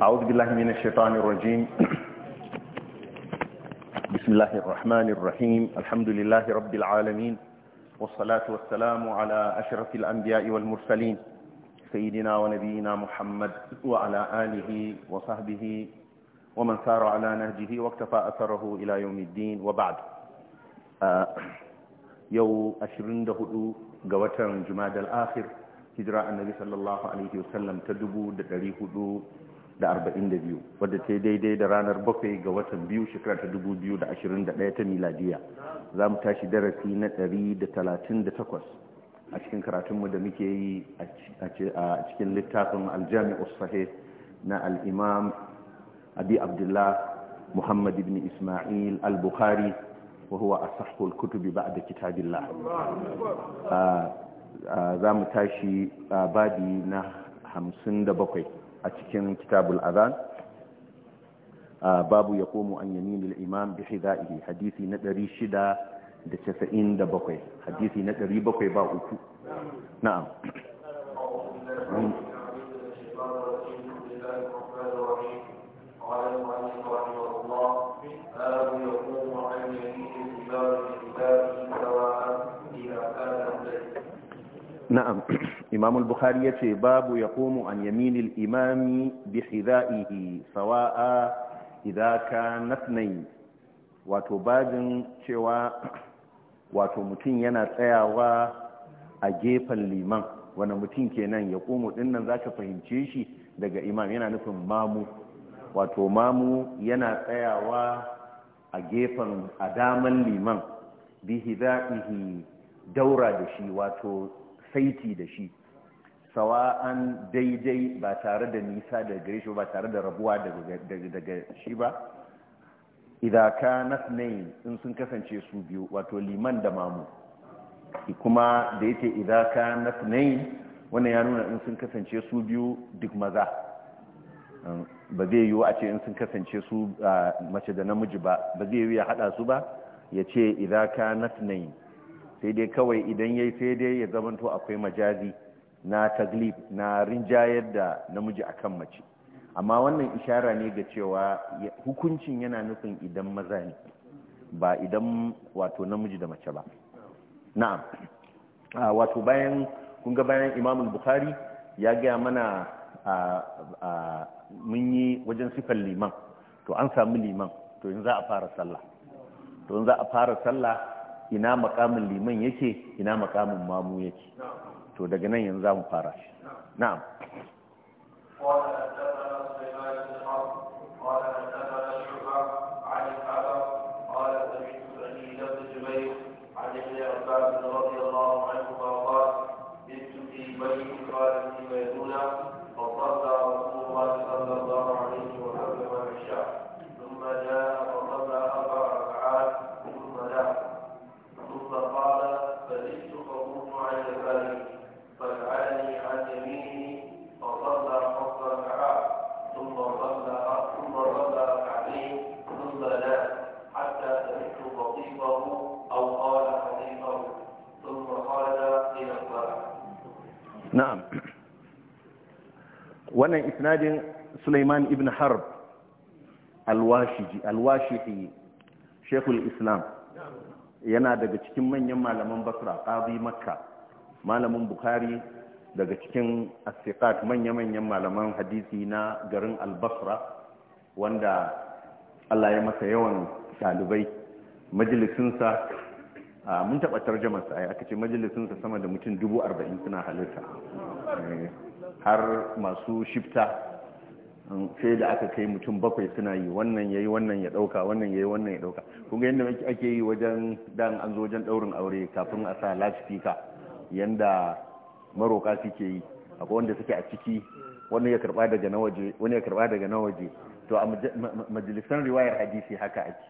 أعوذ بالله من الشيطان الرجيم بسم الله الرحمن الرحيم الحمد لله رب العالمين والصلاة والسلام على أشرف الأنبياء والمرسلين سيدنا ونبينا محمد وعلى آله وصحبه ومن سار على نهجه واكتفى أثره إلى يوم الدين وبعد آه، يو أشرين دهدو قوة جماد الآخر هجراء النبي صلى الله عليه وسلم تدبو دريه دو da arba'in da biyu wadda ta daidai da ranar bakwai ga watan biyu shekara ta dubu biyu da ashirin da ɗaya ta miladiya za mu tashi darasi na ɗari da talatin da takwas a cikin karatunmu da muke yi a cikin littafin aljami sahih na al'imam abi abdullah muhammad ibn ismail al-bukhari wa a asahul kutubi ba'da kitabillah za mu tashi babi na hamsin da bakwai a cikin kitabul azan babu ya komo an yamin imam bi hidaihi hadisi na 697 hadisi na 700 ba uku na'am imam al-bukhari ce babu yaqumu an yaminil imami bi hidaihi sawa'a idza kana ithnayn wato bajin cewa wato mutum yana tsayawa a gefen liman wani mutum kenan ya komo dinnan zaka fahimce shi daga imam yana nufin mamu wato mamu yana tsayawa a gefen adaman liman bi za'ihi daura da shi wato saiti da shi sawa'an daidai ba tare da nisa da gare shi ba tare da rabuwa daga shi ba idan ka nasnayin in sun kasance su biyu wato liman da mamu kuma da yake idan ka nasnayin wannan ya nuna in sun kasance su biyu duk maza ba zai yiwu a ce in sun kasance su mace da namiji ba ba zai yiwu ya hada su ba ya ce idan ka nasnayin sai dai kawai idan ya yi sai dai ya zamanto akwai majazi na taglib na rinjayar da namiji akan mace amma wannan ishara ne ga cewa hukuncin yana nufin idan maza ne ba idan wato namiji da mace ba na'am ah, wato bayan kun ga bayan imamul bukhari ya gaya mana ah, ah, mun yi wajen sifar liman to an samu liman to in za a fara sallah to in za a fara sallah ina makamin liman yake ina makamin mamu yake to daga nan yanzu za mu fara na'am wannan isnadin Sulaiman ibn Harb al-Washiji al-Washihi Sheikhul Islam yana daga cikin manyan malaman Basra qadi Makka malamin Bukhari daga cikin as-siqat manyan malaman hadisi na garin al-Basra wanda Allah ya masa yawan ɗalibai majalisinsa mun taɓa tarjamarsa ai aka ce majalisinsa sama da mutum dubu arba'in suna halitta eh. har masu shifta um, sai da aka kai mutum bakwai suna yi wannan yayi wannan ya dauka wannan yayi wannan ya dauka kuma yadda ake yi wajen dan an zo wajen daurin aure kafin a sa loudspeaker yanda maroka suke yi akwai wanda suke a ciki wani ya karba daga na waje wani ya karba daga na waje to a majalisan riwayar hadisi haka ake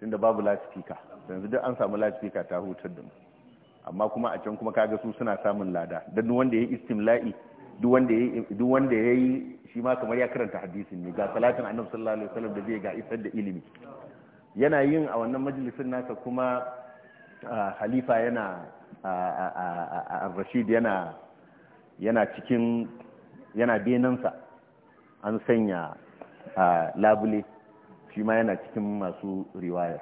tunda babu loudspeaker yanzu duk an samu loudspeaker ta hutar da mu amma kuma a can kuma kaga su suna samun lada dan wanda ya istimla'i duk wanda ya yi shi ma kamar ya karanta hadisin ne ga salatin annabi sallallahu alaihi wasallam da zai ga isar da ilimi yana yin a wannan majalisin nasa kuma halifa yana rashid yana yana cikin yana benansa an sanya labule shi ma yana cikin masu riwaya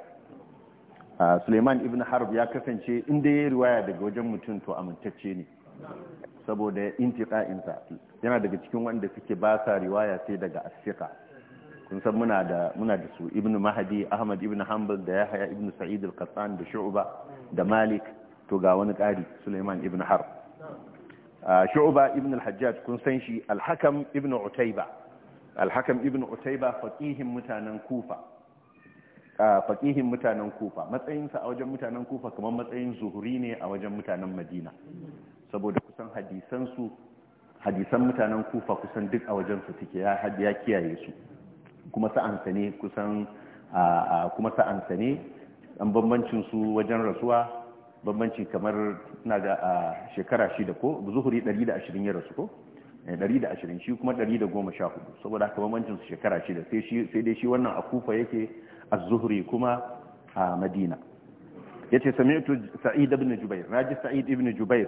suleiman ibn harb ya kasance inda ya riwaya daga wajen mutum to amintacce ne saboda intiqa'insa yana daga cikin wanda suke ba sa riwaya sai daga asfika kun san muna da muna da su ibn mahdi ahmad ibn hanbal da yahya ibn sa'id al-qattan da shu'ba da malik to ga wani ƙari suleiman ibn har shu'ba ibn al-hajjaj kun san shi al-hakam ibn utayba al-hakam ibn utayba faqihin mutanen kufa mutanen kufa matsayinsa a wajen mutanen kufa kamar matsayin zuhuri ne a wajen mutanen madina saboda kusan hadisansu hadisan mutanen kufa kusan duk a wajensu suke ya kiyaye su kuma sa'ansa ne kusan kuma sa'ansa ne an bambancin su wajen rasuwa bambanci kamar na da a shekara shida ko zuhuri 120 ya rasu ko 120 eh, shi kuma 114 saboda haka bambancin su shekara shida sai dai shi wannan a kufa yake a zuhuri kuma a madina yace sami'tu sa'id ibn jubair naji sa'id ibn jubair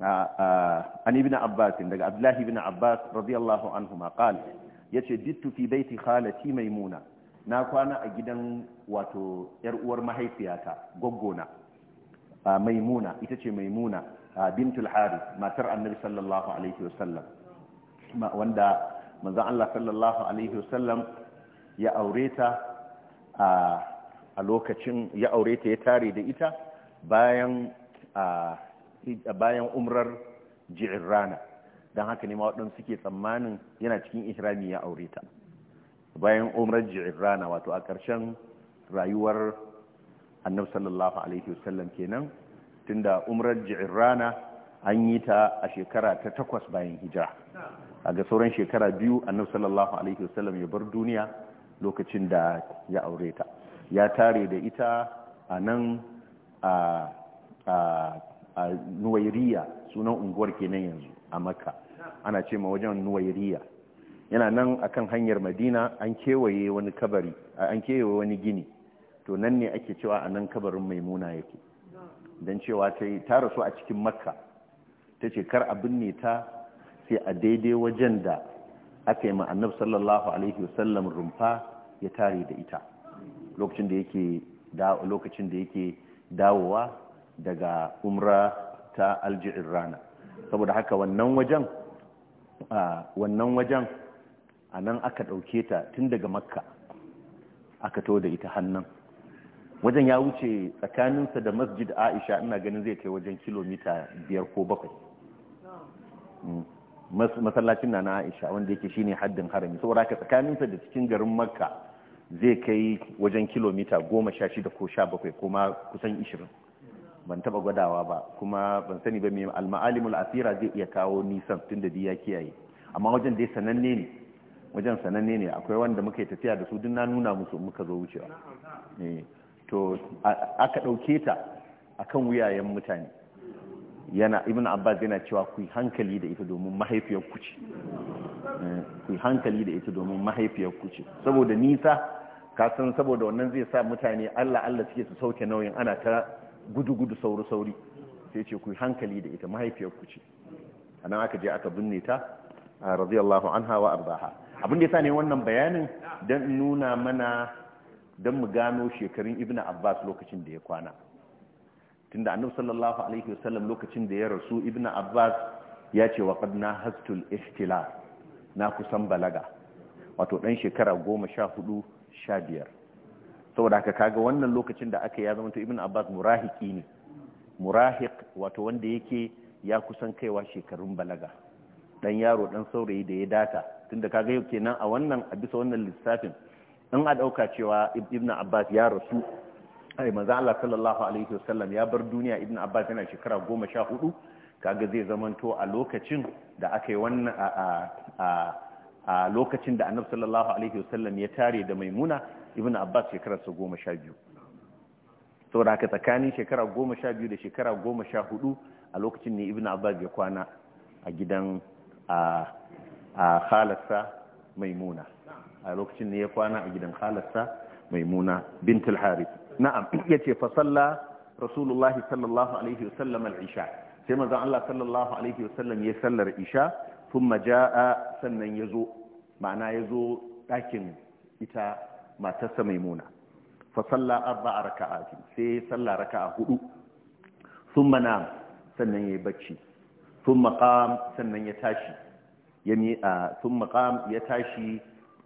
an ibn abbas daga abdullahi ibn abbas radiyallahu anhu ma qala yace bittu fi baiti khalati maimuna na kwana a gidan wato yar uwar mahaifiyata na. maimuna ita ce maimuna bintul harith matar annabi sallallahu alaihi wasallam wanda manzon Allah sallallahu alaihi wasallam ya aure a lokacin ya aureta ya tare da ita bayan a bayan umrar rana don haka ne waɗanda suke tsammanin yana cikin ihrami ya aure ta bayan umrar rana wato a ƙarshen rayuwar annab sallallahu alaihi wasallam kenan tunda umrar rana an yi ta a shekara ta takwas bayan hijira a ga sauran shekara biyu annab sallallahu alaihi wasallam ya bar duniya lokacin da ya aure ta ya tare da ita a nan a a nuwairiya sunan unguwar kenan yanzu a makka ana ce ma wajen nuwairiya yana nan akan hanyar madina an kewaye wani kabari an kewaye wani gini to nan ne ake cewa a nan kabarin maimuna yake don cewa ta yi ta rasu a cikin makka ta ce kar abin ne ta sai a daidai wajen da aka yi ma'anar sallallahu alaihi wasallam rumfa ya tare da ita lokacin da yake dawowa daga umra ta aljihir rana saboda haka wannan wajen wannan wajen a nan aka ɗauke ta tun daga makka aka to da ita hannun wajen ya wuce tsakaninsa da masjid aisha ina ganin zai kai wajen kilomita biyar ko bakwai mm. masallacin na na aisha wanda yake shine haddin harami saboda haka tsakaninsa da cikin garin makka zai kai wajen kilomita goma sha shida ko sha bakwai kuma kusan ishirin ban taba gwadawa ba kuma ban sani ba mai al-ma'alimul asira zai iya kawo nisan tun da ya kiyaye amma wajen dai sananne ne wajen sananne ne akwai wanda muka yi tafiya da su duk na nuna musu muka zo wucewa eh, to aka ɗauke ta akan wuyayen mutane yana ibn abbas yana cewa ku hankali da ita domin mahaifiyar ku ce eh, ku hankali da ita domin mahaifiyar ku ce saboda nisa ka san saboda wannan zai sa mutane Allah Allah suke su sauke nauyin ana ta gudu-gudu sauri-sauri sai ce ku hankali da ita mahaifiyar ku ce a aka je aka binne ta a radiyallahu anha wa arzaha abin da ya sa ne wannan bayanin don nuna mana don mu gano shekarun ibn abbas lokacin da ya kwana tunda annabi sallallahu alaihi wasallam lokacin da ya rasu ibn abbas ya ce wa qad hastul ihtilal na kusan balaga wato dan shekara goma sha hudu sha biyar. saboda haka kaga wannan lokacin da aka ya zama to ibn abbas murahiki ne murahik wato wanda yake ya kusan kaiwa shekarun balaga dan yaro dan saurayi da ya data tunda kaga yau kenan a wannan a bisa wannan lissafin in a dauka cewa ibn abbas ya rasu ai manzo Allah sallallahu alaihi wasallam ya bar duniya ibn abbas yana shekara 14 kaga zai zamanto a lokacin da aka yi wannan a a lokacin da annabi sallallahu alaihi wasallam ya tare da maimuna ibn abbas shekararsa goma sha biyu da haka tsakanin shekara goma sha biyu da shekara goma sha hudu a lokacin ne ibn abbas ya kwana a gidan a halarsa maimuna a lokacin ne ya kwana a gidan halarsa maimuna bintul harith na'am yace fa salla rasulullah sallallahu alaihi wasallam al-isha sai manzon Allah sallallahu alaihi wasallam ya sallar isha thumma jaa sannan yazo ma'ana yazo dakin ita matarsa mai maimuna fa salla a ce sai ya salla raka'a hudu sun mana sannan yi bacci sun maƙam sannan ya tashi sun maƙam ya tashi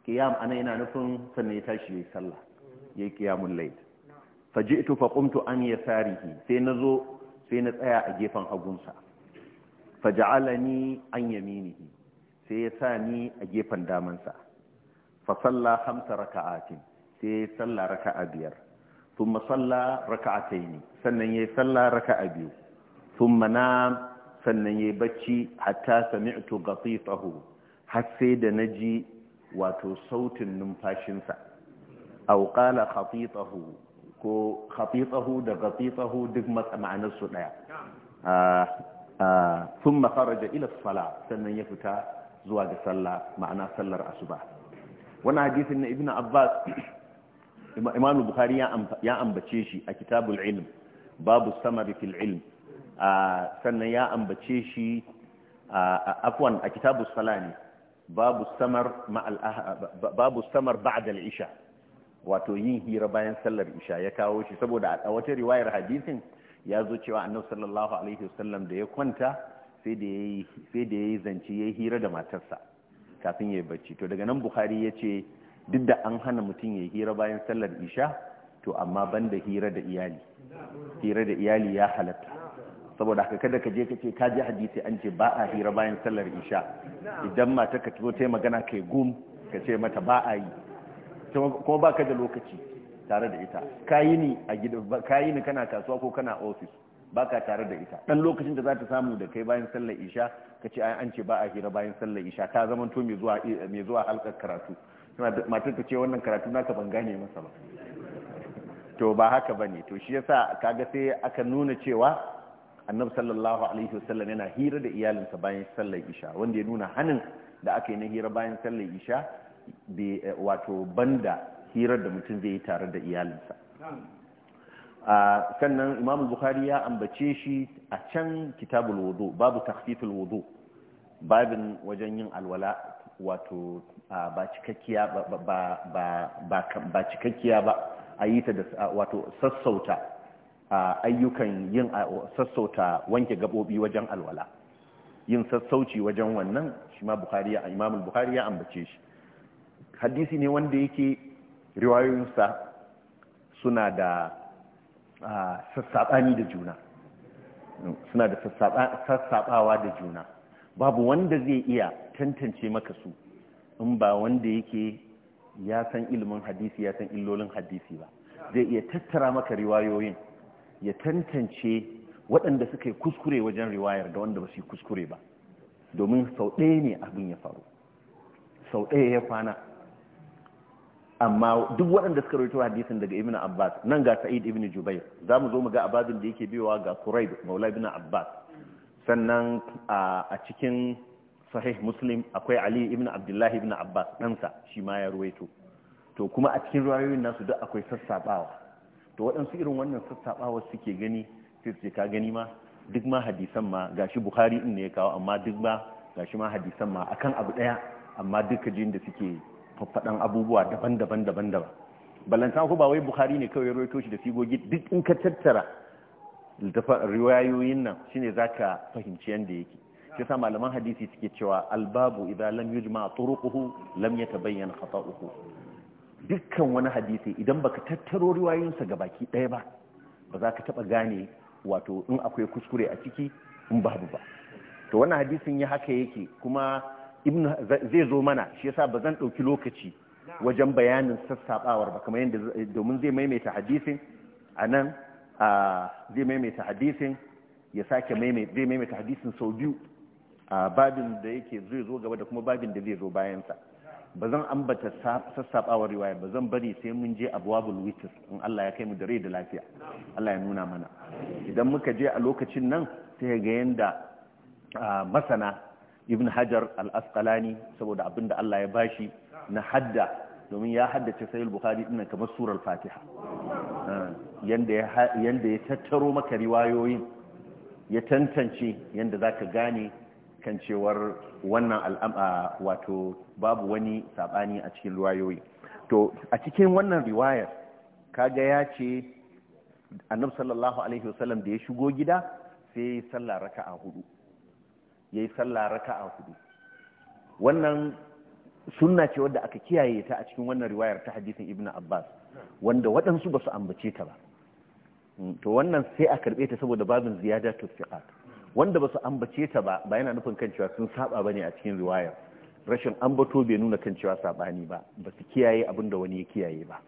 qiyam ana yana nufin sannan ya tashi yi salla yi qiyamul layl faji ito qumtu an yasarihi sai nazo sai na tsaya a gefen hagunsa faja'alani an yaminihi sai ya sa ni a gefen damansa fa hamsa raka'atin sai salla raka'a biyar thumma salla raka'ataini sannan yayi salla raka'a biyu thumma nam sannan ya bacci hatta sami'tu ghatitahu har sai da ji wato sautin numfashinsa aw qala ko khatitahu da ghatitahu duk ma'anar su daya thumma kharaja ila as sannan ya fita zuwa ga sallah ma'ana sallar asuba Wani hadisin na ibn abbas imam bukhari ya ambace shi a kitabul ilm babu samari fil ilm sannan ya ambace shi afwan a kitabus sala babu samar ma'al ah, babu samar ba'da al-isha wato yin hira bayan sallar isha ya kawo shi saboda a wata riwayar hadisin ya zo cewa annabi sallallahu alaihi wasallam da ya kwanta sai da yayi sai da yayi zance yayi hira da matarsa kafin ya yi bacci to daga nan buhari ya ce duk da an hana mutum ya yi hira bayan sallar isha to amma ban da hira da iyali hira da iyali ya halatta saboda haka kada ka je ka ce ka ji hadisi an ce ba a hira bayan sallar isha idan mata ka zo ta magana kai gum ka ce mata ba a yi kuma ba ka da lokaci tare da ita kayi ni a gida kayi ni kana kasuwa ko kana ofis ka tare da ita ɗan lokacin da za ta samu da kai bayan sallar isha ka ce an ce ba a hira bayan sallar isha ta zama to mai zuwa mai zuwa halkar karatu matar ta ce wannan karatu naka ban gane masa ba to ba haka bane to shi yasa ga sai aka nuna cewa annabi sallallahu alaihi wasallam yana hira da iyalinsa bayan sallar isha wanda ya nuna hanin da aka yi na hira bayan sallar isha wato banda hirar da mutum zai yi tare da iyalinsa sannan imam bukhari ya ambace shi a can kitabul wudu babu takhfiful wudu babin wajen yin alwala wato ba cikakkiya ba ba ba ba, cikakkiya ba a yi ta da wato sassauta ayyukan yin sassauta wanke gabobi wajen alwala yin sassauci wajen wannan shi ma bukhari ya imam bukhari ya ambace shi hadisi ne wanda yake riwayoyinsa suna da sassaɓani da juna suna da sassaɓawa da juna babu wanda zai iya tantance maka su in ba wanda yake ya san ilimin hadisi ya san illolin hadisi ba zai iya tattara maka riwayoyin ya tantance waɗanda suka yi kuskure wajen riwayar da wanda ba su yi kuskure ba domin sau ɗaya ne abin ya faru sau ɗaya ya kwana amma duk waɗanda suka rawaito hadisin daga ibnu abbas nan ga sa'id ibnu jubair zamu zo mu ga abadin da yake biyowa ga quraib maula ibnu abbas sannan a cikin sahih muslim akwai ali ibnu abdullahi ibnu abbas ɗansa shi ma ya rawaito to kuma a cikin rawayoyin nasu duk akwai sassabawa to waɗansu irin wannan sassabawa suke gani sai su ka gani ma duk ma hadisan ma gashi bukhari din ne ya kawo amma duk ma gashi ma hadisan ma akan abu ɗaya amma duka jin da suke faffaɗan abubuwa daban-daban daban-daban balantan ku ba wai bukhari ne kawai rawaito shi da sigogi duk in ka tattara riwayoyin nan shine za ka fahimci yanda yake shi sa malaman hadisi suke cewa albabu idan lam yujma turuquhu lam hafa uku. dukkan wani hadisi idan baka tattaro riwayoyinsa baki ɗaya ba ba za ka taɓa gane wato in akwai kuskure a ciki in babu ba to wannan hadisin ya haka yake kuma zai zo mana shi yasa ba zan ɗauki lokaci wajen bayanin sassaɓawar ba kamar yadda domin zai maimaita hadisin a nan zai maimaita hadisin ya sake zai maimaita hadisin sau biyu a babin da yake zai zo gaba da kuma babin da zai zo bayansa ba zan ambata sassaɓawar riwaya ba zan bari sai mun je abwabul witir in Allah ya kai mu da rai da lafiya Allah ya nuna mana idan muka je a lokacin nan sai ga yanda masana ibn hajar al-asqalani saboda abinda Allah ya bashi na hadda domin ya haddace sahih bukhari din kamar surar fatiha ah, yanda ya yanda ya tattaro maka riwayoyin ya tantance yanda zaka gane kan cewar wannan al'am'a ah, wato babu wani sabani a cikin riwayoyi to a cikin wannan riwayar kaga ya ce annabi sallallahu alaihi wasallam da ya shigo gida sai ya yi sallah raka'a hudu ya yi sallah raka'a hudu wannan sunna ce wadda aka kiyaye ta a cikin wannan riwayar ta hadisin ibn abbas wanda waɗansu ba su ambace ta ba mm, to wannan sai a karɓe ta saboda babin ziyada tufiqat wanda ba su ambace ta ba ba yana nufin kan cewa sun saba bane a cikin riwayar rashin ambato bai nuna kan cewa sabani ba ba su kiyaye abin da wani ya kiyaye ba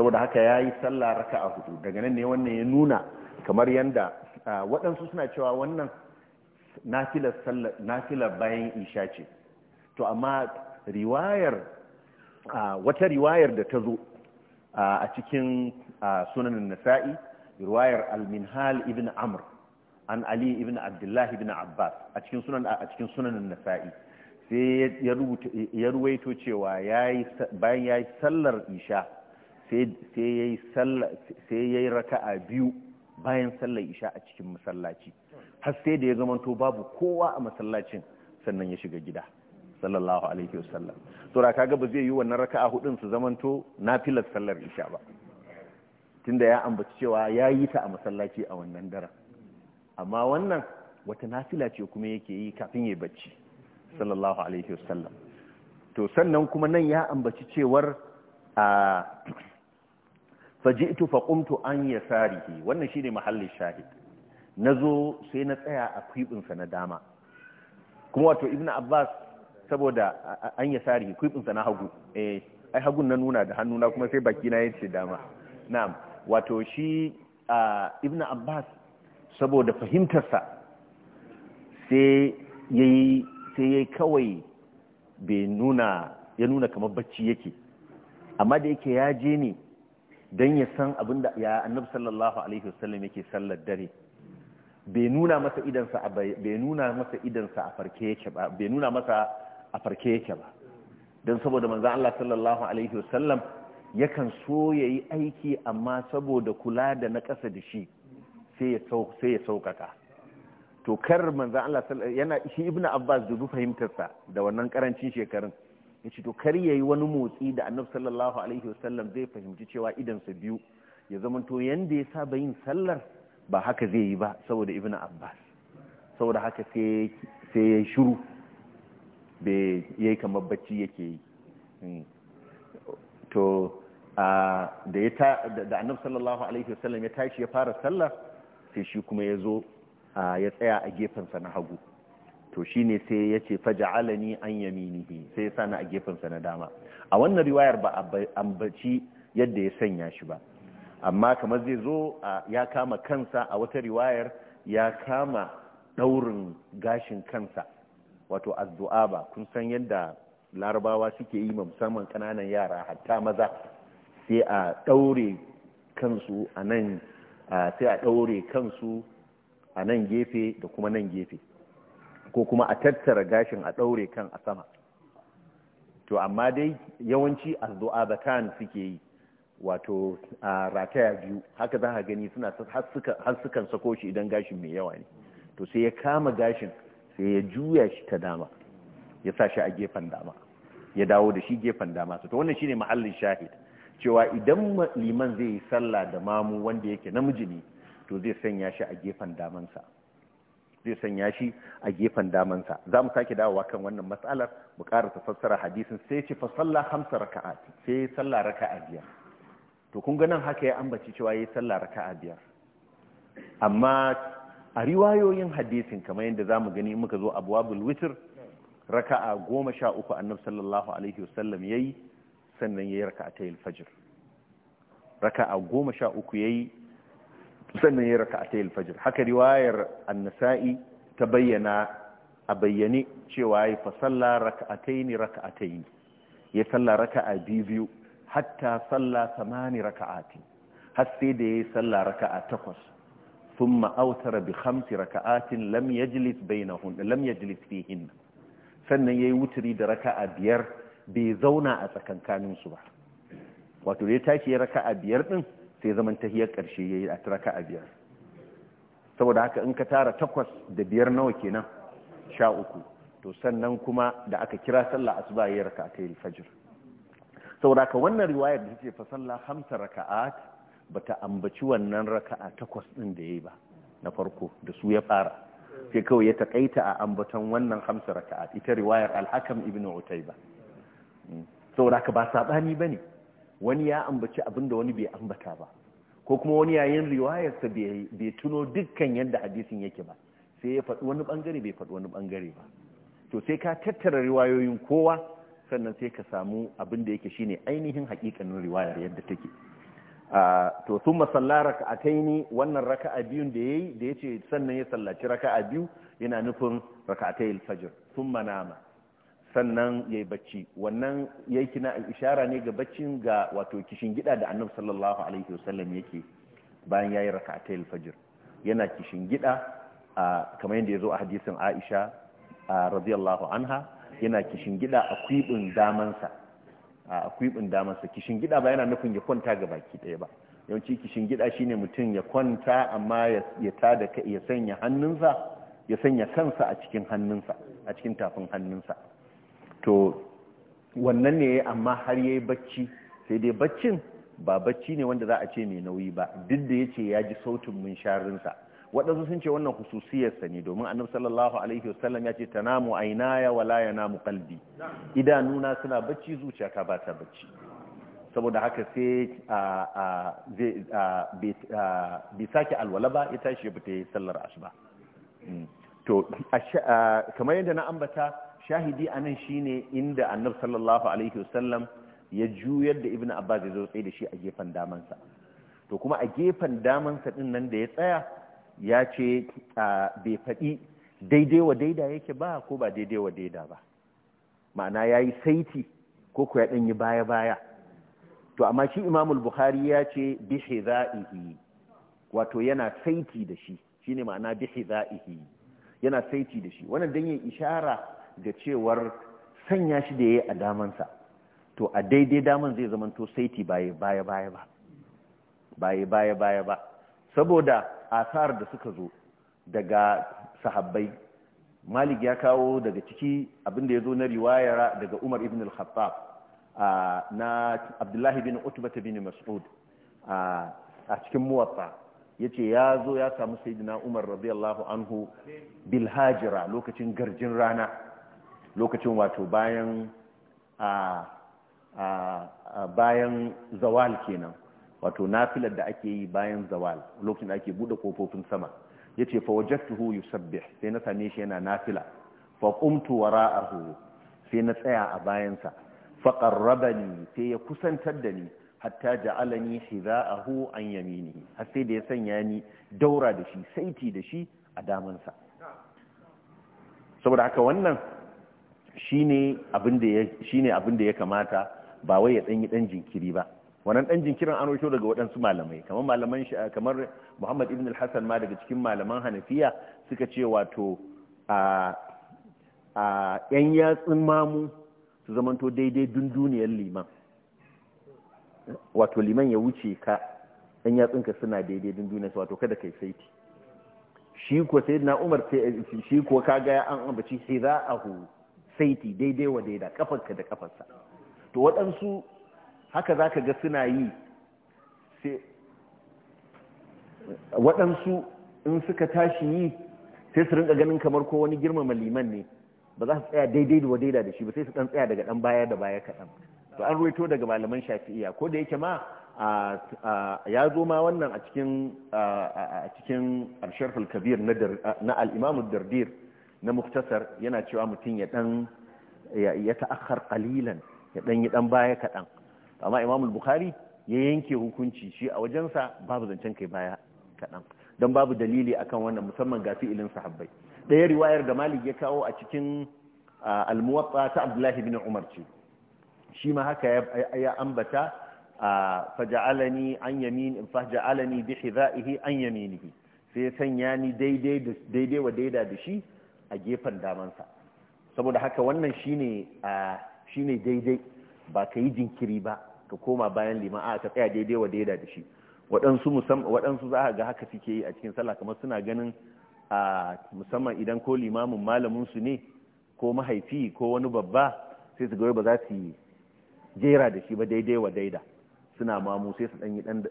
saboda haka ya yi sallah raka'a hudu daga nan ne wannan ya nuna kamar yanda ah, waɗansu suna cewa wannan nafilar bayan isha ce to amma riwayar wata riwayar da ta zo a cikin sunan nasa'i riwayar al-minhal ibn amr an ali ibn abdullah ibn abbas a cikin sunan a cikin sunan nasa'i sai ya ruwaito cewa yayi bayan yayi sallar isha sai yayi sallar sai yayi raka'a biyu bayan sallar isha a cikin masallaci har sai da ya zamanto babu kowa a masallacin sannan ya shiga gida sallallahu alaihi wasallam da kaga ba zai yi wannan raka'a hudun su zamanto nafilar sallar isha ba tunda ya ambaci cewa ya yi ta a masallaci a wannan daren amma wannan wata nafila ce kuma yake yi kafin ya bacci sallallahu alaihi wasallam to sannan kuma nan ya ambaci cewar a faji'tu faqumtu an yasarihi wannan shine mahallin shahid na zo sai na tsaya a kwibinsa na dama kuma wato ibn abbas saboda an ya sari kwibinsa na hagu eh ai hagun na nuna da hannuna kuma sai baki na yace dama na'am wato shi ibn abbas saboda fahimtarsa sai yayi sai yayi kawai bai nuna ya nuna kamar bacci yake amma da yake ya je ne don ya san abin da ya annabi sallallahu alaihi wasallam yake sallar dare bai nuna masa idansa a bai nuna masa idansa a farke yake ba bai nuna masa a farke yake ba don saboda manzo Allah sallallahu alaihi wasallam yakan so yayi aiki amma saboda kula da na kasa da shi sai ya sai ya saukaka to kar manzo Allah yana shi ibnu Abbas da fahimtar fahimtarsa da wannan karancin shekarun yace to kar yayi wani motsi da Annabi sallallahu alaihi wasallam zai fahimci cewa idansa biyu ya zamanto yanda ya saba yin sallar ba haka zai yi ba saboda ibn abbas saboda haka sai ya shuru bai yi kamar bacci yake yi hmm. to da ya ta da sallallahu alaihi wasallam ya tashi ya fara sallah sai shi kuma ya zo ya tsaya a gefensa na hagu to shine sai ya ce alani an yaminihi sai ya sani a gefensa na dama a wannan riwayar ba ambaci yadda ya sanya shi ba amma kamar zai zo ya kama kansa a wata riwayar ya kama daurin gashin kansa wato azdu'aba kun san yadda larabawa suke yi musamman kananan yara hatta maza sai a daure kansu a nan sai a daure kansu a nan gefe da kuma nan gefe ko kuma a tattara gashin a daure kan a sama to amma dai yawanci kan suke yi wato a rataya biyu haka za ka gani suna har sukan sako shi idan gashin mai yawa ne to sai ya kama gashin sai ya juya shi ta dama ya sa shi a gefen dama ya dawo da shi gefen dama to wannan shine ma'allin shahid cewa idan liman zai yi sallah da mamu wanda yake namiji ne to zai sanya shi a gefen damansa zai sanya shi a gefen damansa za mu sake dawowa kan wannan matsalar mu ƙara fassara hadisin sai ce fa sallah hamsa raka'ati sai sallah raka'a biyar to kun ganin nan haka ya ambaci cewa ya yi sallah raka a biyar amma a riwayoyin hadisin kamar yadda za mu gani muka zo bulwitir raka a goma sha uku annab sallallahu alaihi wasallam yi, sannan ya yi yayi raka'atay al Raka a goma sha uku ya yi, sannan ya yayi raka'atay al-fajr haka riwayar annasa'i ta bayyana a bayyane cewa yayi fa a ta yi ya sallah raka a biyu biyu hatta salla samani raka'ati har sai da yayi salla raka'a takwas thumma awtara bi khamsi raka'atin lam yajlis bainahun lam yajlis fihin sannan yayi wuturi da raka'a biyar bai zauna a tsakankanin su ba wato da ya tashi ya raka'a biyar din sai zaman tahiyar karshe yayi a raka'a biyar saboda haka in ka tara takwas da biyar nawa kenan sha uku to sannan kuma da aka kira sallah asuba yayi raka'a ta fajr sauraka wannan riwayar da ce fasalla hamsa raka'at bata ambaci wannan raka'a takwas ɗin da yayi ba na farko da su ya fara sai kawai ya taƙaita a ambaton wannan hamsa raka'at ita riwayar Alhakam ibn utayba ba ka ba ba bane wani ya ambaci abin da wani bai ambata ba ko kuma wani yayin riwayarsa bai tuno dukkan yadda hadisin yake ba sai ya faɗi wani ɓangare bai faɗi wani ɓangare ba to sai ka tattara riwayoyin kowa sannan sai ka samu abin da yake shine ainihin hakikanin riwayar yadda take to sun masalla taini wannan raka a biyun da ya yi da yace sannan ya sallaci raka a biyu yana nufin raka a raka'atai fajar sun ma nama sannan ya yi bacci wannan yi kina ishara ne ga baccin ga wato kishin gida da Annabi sallallahu alaihi wasallam yake bayan yayi ta yi fajar yana kishin gida kamar yadda ya zo a hadisin Aisha radiyallahu anha yana kishingida a kwibin damansa a kwibin damansa kishingida ba yana nufin ya kwanta ga baki ɗaya ba yawanci kishin kishingida shine mutum ya kwanta amma ya tada ya sanya hannunsa ya sanya kansa a cikin hannunsa a cikin tafin hannunsa to wannan ne amma har yayi bacci sai dai baccin ba bacci ne wanda za a ce mai nauyi ba duk da yace ya ji sautin munsharinsa waɗansu sun ce wannan hususiyarsa ne domin annabi sallallahu alaihi wasallam ya ce tanamu ainaya wala yanamu qalbi idanuna suna bacci zuciyata ba ta bacci saboda haka sai bai sake alwala ba ya tashi ya fita sallar asuba hmm. to kamar yadda na ambata shahidi a nan shine inda annabi sallallahu alaihi wasallam ya juyar da ibnu abbas ya zo tsaye da shi a gefen damansa to kuma a gefen damansa din nan da ya tsaya ya ce bai faɗi daidai wa daida yake ba ko ba daidai wa daida ba ma'ana ya yi saiti ko ku ya ɗanyi baya-baya to amma shi imamul buhari ya ce bihe za'ihi wato yana saiti da shi shi ne ma'ana bihe za'ihi yana saiti da shi wannan don yin ishara ga cewar sanya shi da ya yi a damansa to a daidai daman zai zamanto saiti baya-baya ba baya-baya ba saboda asar da suka zo daga sahabbai malik ya kawo daga ciki abinda ya zo na riwayar daga umar ibn al-khattab na abdullahi bin ta bin mas'ud a cikin muwatta ya ce ya zo ya samu sayidina umar radiyallahu anhu bil bilhajira lokacin garjin rana lokacin wato bayan bayan zawal kenan wato nafilar da ake yi bayan zawal lokacin da ake bude kofofin sama yace fa wajadtuhu yusabbih sai na same shi yana nafila fa qumtu wara'ahu sai na tsaya a bayansa fa qarrabani sai ya kusantar da ni hatta ja'alani hidha'ahu an yaminihi har sai da ya sanya ni daura da shi saiti da shi a damansa saboda haka wannan shine abin da ya kamata ba wai ya danyi dan jinkiri ba wannan dan jinkirin an roto daga waɗansu malamai kamar malaman kamar Muhammad ibn al-Hasan ma daga cikin malaman Hanafiya suka ce wato a a yan yatsun mamu su zamanto daidai dunduniyar liman wato liman ya wuce ka yan yatsunka suna daidai dunduniyar wato kada kai saiti shi ko sayyidina Umar sai shi ko kaga an ambaci hiza'ahu saiti daidai wa daida kafarka da kafarsa to waɗansu haka za ka ga suna yi waɗansu in suka tashi yi sai su rinka ganin kamar ko wani girmama liman ne ba za su tsaya daidai da wadaida da shi ba sai su ɗan tsaya daga ɗan baya da baya kaɗan to an ruwaito daga malaman shafi'iya ko da yake ma ya zo ma wannan a cikin a cikin al kabir na al-imam dardir na muktasar yana cewa mutum ya dan ya ta'akhkhar qalilan ya dan yi dan baya kaɗan amma imam bukhari ya yanke hukunci shi a wajensa babu zancen kai baya kaɗan don babu dalili akan wannan musamman ga fi'ilin sahabbai ɗaya riwayar da malik ya kawo a cikin almuwatsa ta abdullahi bin umar ce shi ma haka ya ambata faja'alani an ni faja'alani bi hidha'ihi an yaminihi sai sanya ni daidai wa daida da shi a gefen damansa saboda haka wannan shine shine daidai ba ka yi jinkiri ba ka koma bayan liman a ka tsaya daidai wa daida da shi waɗansu waɗansu za a ga haka suke yi a cikin sallah kamar suna ganin a musamman idan ko limamin malamin su ne ko mahaifi ko wani babba sai su ga ba za su yi jera da shi ba daidai wa daida suna mamu sai su ɗanyi ɗan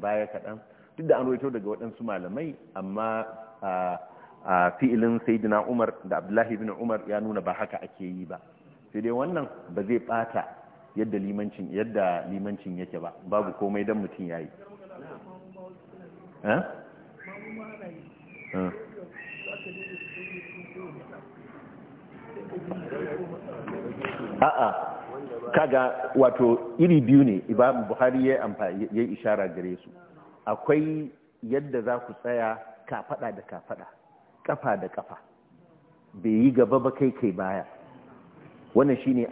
baya kaɗan duk da an roito daga waɗansu malamai amma a fi'ilin saidina umar da abdullahi bin umar ya nuna ba haka ake yi ba sai dai wannan ba zai ɓata yadda limancin yadda limancin yake ba babu komai dan mutum yayi eh? Eh. a'a kaga wato iri biyu ne imam buhari ya amfani ya ishara gare su akwai yadda za ku tsaya kafada da kafada kafa da kafa bai yi gaba ba kai kai baya wannan shine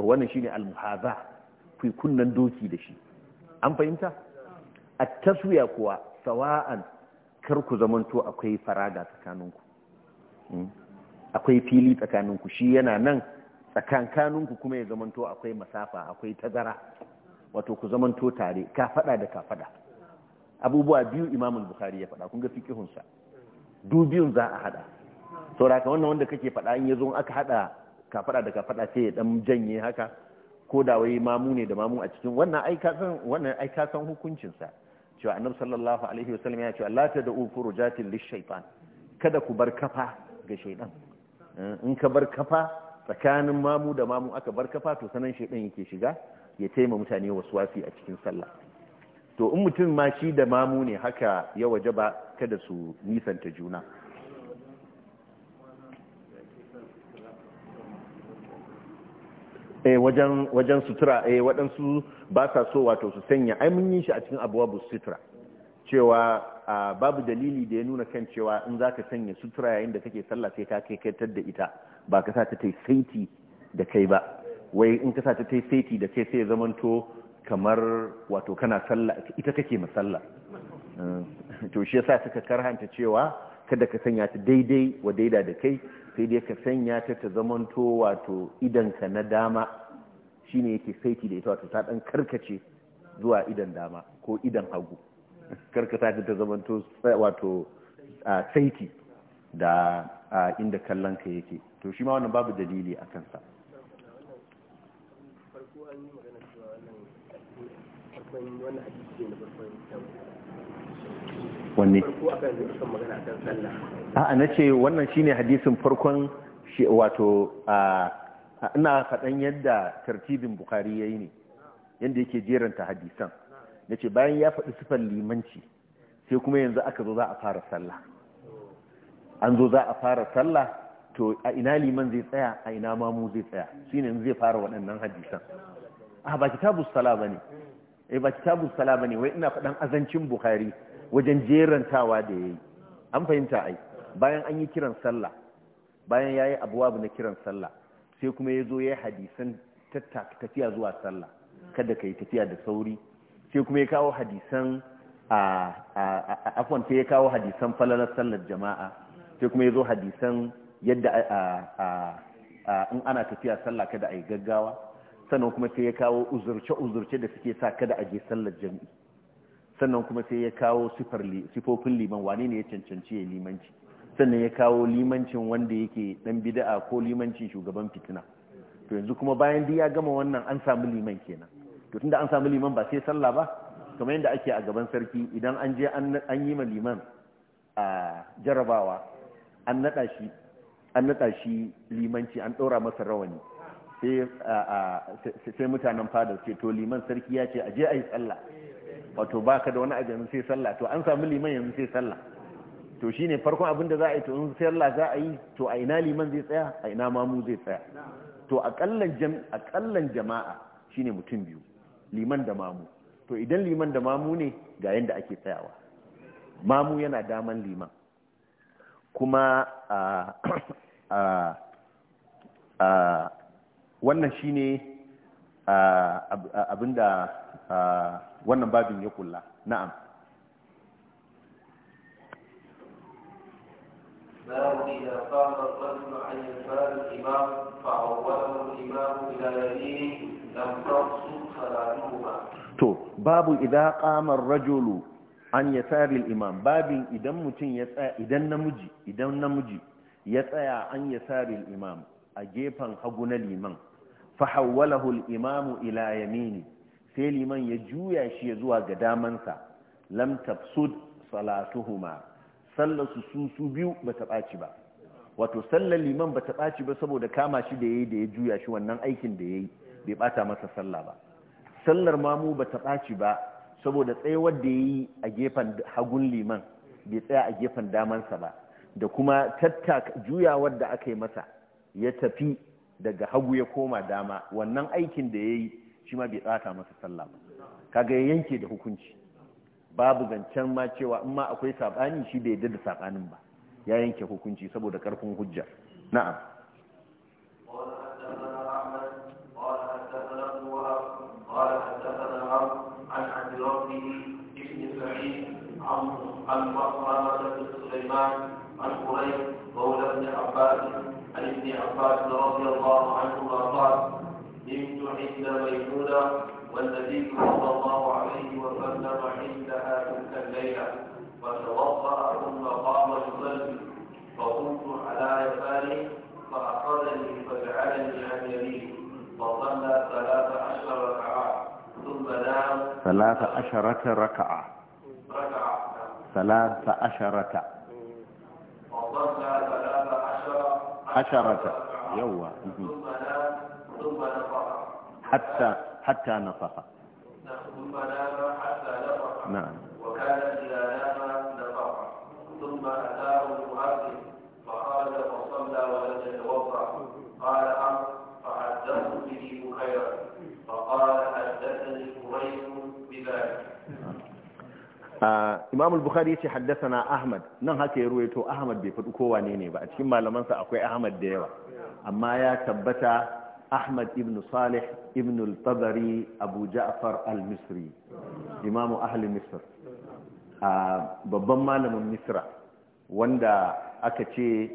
wannan shine almuhaza ku kunnan doki da shi an fahimta at-taswiya kuwa sawa'an kar ku zamanto akwai faraga tsakaninku hmm? akwai fili tsakaninku shi yana nan tsakankaninku kuma ya zamanto akwai masafa akwai tazara wato ku zamanto tare ka fada da ka fada abubuwa biyu imamul bukhari ya fada kun ga fikihunsa du biyun za a hada sauraka wannan wanda kake fada in yazo aka hada kafada da kafada sai ya dan janye haka ko da wai mamu ne da mamu a cikin wannan ai ka san wannan ai san hukuncin sa cewa annabi sallallahu alaihi wasallam ya ce la tad'u furujatin lishaytan kada ku bar kafa ga shaydan eh, in ka bar kafa tsakanin mamu da mamu aka bar kafa to sanan shaydan yake shiga ya taima mutane waswasi a cikin sallah to in mutum ma shi da mamu ne haka ya waje ba kada su nisanta juna E wajen wajen sutura eh waɗansu ba sa so wato su sanya ai mun yi shi a cikin bu sutura cewa babu dalili da ya nuna kan cewa in za ka sanya sutura yayin da kake sallah sai ka kai kaitar da ita ba ka sa ta yi saiti da kai ba wai in ka sa ta yi saiti da kai sai ya zamanto kamar wato kana sallah ita kake masallah eh, to shi yasa suka karhanta cewa kada ka sanya ta daidai wa daida da kai sai dai ka sanya ta ta zamanto wato idanka na dama shine yake saiti da ita wato ta dan karkace zuwa idan dama ko idan hagu karkata ta ta zamanto wato saiti da inda kallon ka yake to shi ma wannan babu dalili a kansa wannan hadisi ne na farkon wanne a'a na ce wannan shine hadisin farkon wato ina faɗan yadda tartibin bukari ya yi ne yadda yake jeranta hadisan na ce bayan ya faɗi sifar limanci sai kuma yanzu aka zo za a fara sallah an zo za a fara sallah to a ina liman zai tsaya a ina mamu zai tsaya shi ne zai fara waɗannan hadisan a ba kitabu sala ba ne eh ba kitabu sala ba ne wai ina faɗan azancin bukari wajen jerantawa da ya yi an fahimta ai bayan an yi kiran sallah bayan ya yi abuwabu na kiran sallah sai kuma ya zo ya yi hadisan tattaka tafiya zuwa sallah kada ka yi tafiya da sauri sai kuma ya kawo hadisan a afon sai ya kawo hadisan falalar sallar jama'a sai kuma ya zo hadisan yadda in ana tafiya sallah kada a yi gaggawa sannan kuma sai ya kawo uzurce-uzurce da suke sa kada a je sallar jami'i sannan kuma sai ya kawo sifofin liman wane ne ya cancanci ya limanci sannan ya kawo limancin wanda yake dan bid'a ko limancin shugaban fitina to yanzu kuma bayan duk ya gama wannan an samu liman kenan to tunda an samu liman ba sai salla ba kamar yadda ake a gaban sarki idan an je an yi ma liman a jarabawa an nada shi an nada shi limanci an ɗora masa rawani sai mutanen fadar ce to liman sarki ya ce a je a yi sallah wato baka da wani abu sai sallah to an sami liman yanzu sai sallah to shine farkon abin da za a yi to in sallah za a yi to a ina liman zai tsaya a ina mamu zai tsaya to akallan jama'a shine mutum biyu liman da mamu to idan liman da mamu ne ga yadda ake tsayawa mamu yana daman liman kuma a wannan shine da. wannan babin ya kulla na'am باب إذا قام الرجل عن an ya tsari imam babin idan mutum ya tsaya idan namiji idan namiji ya tsaya an ya tsari imam a gefen hagu na liman fahawwalahul imamu ila yamini sai liman ya juya shi ya zuwa ga damansa lam tafsud salatuhuma sallar su su biyu bata ɓaci ba wato sallar liman bata ɓaci ba saboda kama shi da yayi da ya juya shi wannan aikin da yayi bai bata masa sallah ba sallar mamu bata ɓaci ba saboda tsayawar da yayi a gefen hagun liman bai tsaya a gefen damansa ba da kuma tattaka juyawar da aka yi masa ya tafi daga hagu ya koma dama wannan aikin da yayi shi ma bai tsata masa sallah ba kaga ya yanke da hukunci babu zancen ma cewa in ma akwai sabani shi bai yadda da sabanin ba ya yanke hukunci saboda karfin hujja na'am عن قريب مولى ابن عباس عن ابن عباس رضي الله ميمونة والنبي صلى الله عليه وسلم عندها تلك الليلة وتوضأ ثم قام يصلي فقمت على يساره فأخذني فجعلني عن يمينه فصلى ثلاث عشر ركعة ثم نام ثلاث عشرة ركعة ركعة نعم. ثلاث عشرة فصلى ثلاث عشرة عشرة يوه ثم نام ثم نفخ حتى حتى نفخ ثم نام حتى نفخ نعم وكان إذا نام نفخ ثم أتاه المؤذن فقال فصلى ولم يتوضا قال أم فحدثت به بخيرا فقال حدثني قريب بذلك آه، امام البخاري يتي حدثنا احمد نان نعم، هكا يرويتو احمد بي فدو كو وانه ني با أحمد ديوه أما يا ahmad ahmad ibn salih ibn al-tabari abu ja'far al-misri imamu ahli misr babban malamin misra wanda aka ce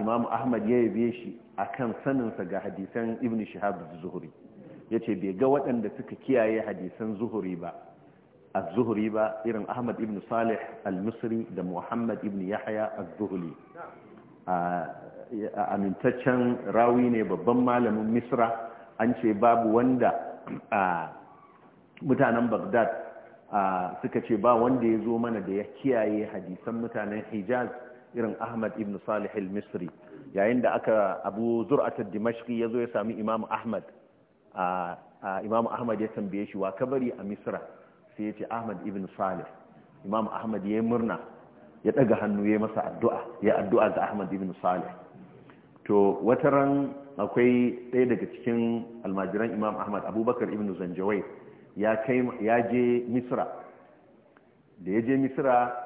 imamu ahmad ya yabe shi akan saninsa ga hadisan ibn shihab zuhuri yace ce bai ga waɗanda suka kiyaye hadisan zuhuri ba a zuhuri ba irin ahmad ibn salih al-misri da muhammad ibn yahya al-zuhuli amintaccen rawi ne babban malamin misra an ce babu wanda mutanen bagdad suka ce ba wanda ya zo mana da ya kiyaye hadisan mutanen hijaz irin ahmad ibn salih al-misri yayin da aka abu zur'atar dimashki ya zo ya sami imam ahmad imam ahmad ya tambaye shi wa kabari a misra sai ya ce ahmad ibn salih imam ahmad ya yi murna ya daga hannu ya masa addu'a ya addu'a ga Ahmad ibn Salih to wata ran akwai ɗaya daga cikin almajiran Imam Ahmad Abubakar ibn Zanjawai ya je Misra da ya je Misra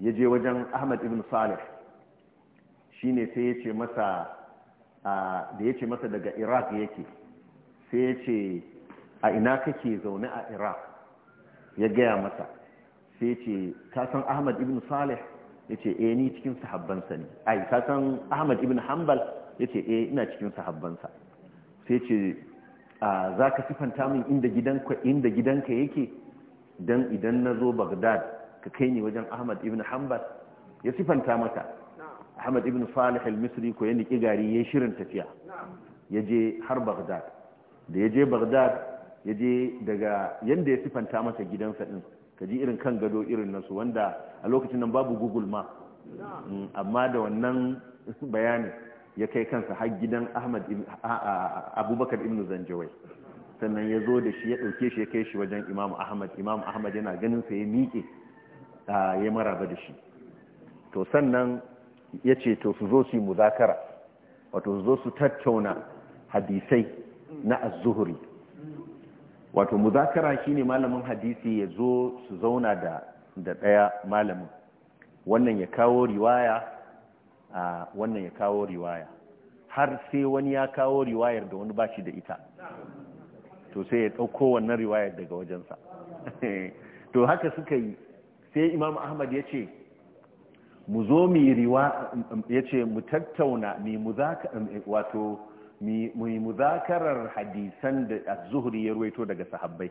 ya je wajen Ahmad ibn Salih ne sai ya ce masa da ya ce masa daga Iraq yake sai ya ce a ina kake zaune a Iraq ya gaya masa sai ce kasan ahmad ibn salih ya ce eh ni cikin sahabbansa ne ai kasan ahmad ibn hanbal ya ce eh ina cikin sahabbansa sai ce za ka sifanta min inda gidanka yake don idan na zo bagdad ka kai ni wajen ahmad ibn hanbal ya sifanta mata ahmad ibn salih al-misri ko ya niki gari ya shirin tafiya ya je har bagdad da ya je bagdad ya je daga yadda ya sifanta mata gidansa din ka ji irin kan gado irin nasu wanda a lokacin nan babu google ma mm, amma da wannan bayanin ya kai kansa har gidan ahmad abubakar ibn zanjawai sannan ya zo da shi ya ɗauke shi ya kai shi wajen imam ahmad imam ahmad yana ganin sa ya miƙe ya maraba da shi to sannan ya ce to su zo su yi muzakara wato su zo su tattauna hadisai na az-zuhri wato muzakara shine malamin hadisi ya zo su zauna da da ɗaya malamin wannan ya kawo riwaya a wannan ya kawo riwaya har sai wani ya kawo riwayar da wani bashi da ita to sai ya ɗauko wannan riwayar daga wajensa to haka suka yi sai imam ahmad ya ce mu zo mu yi riwa mu tattauna mu muzaka wato mu muzakarar hadisan da az-zuhri ya ruwaito daga sahabbai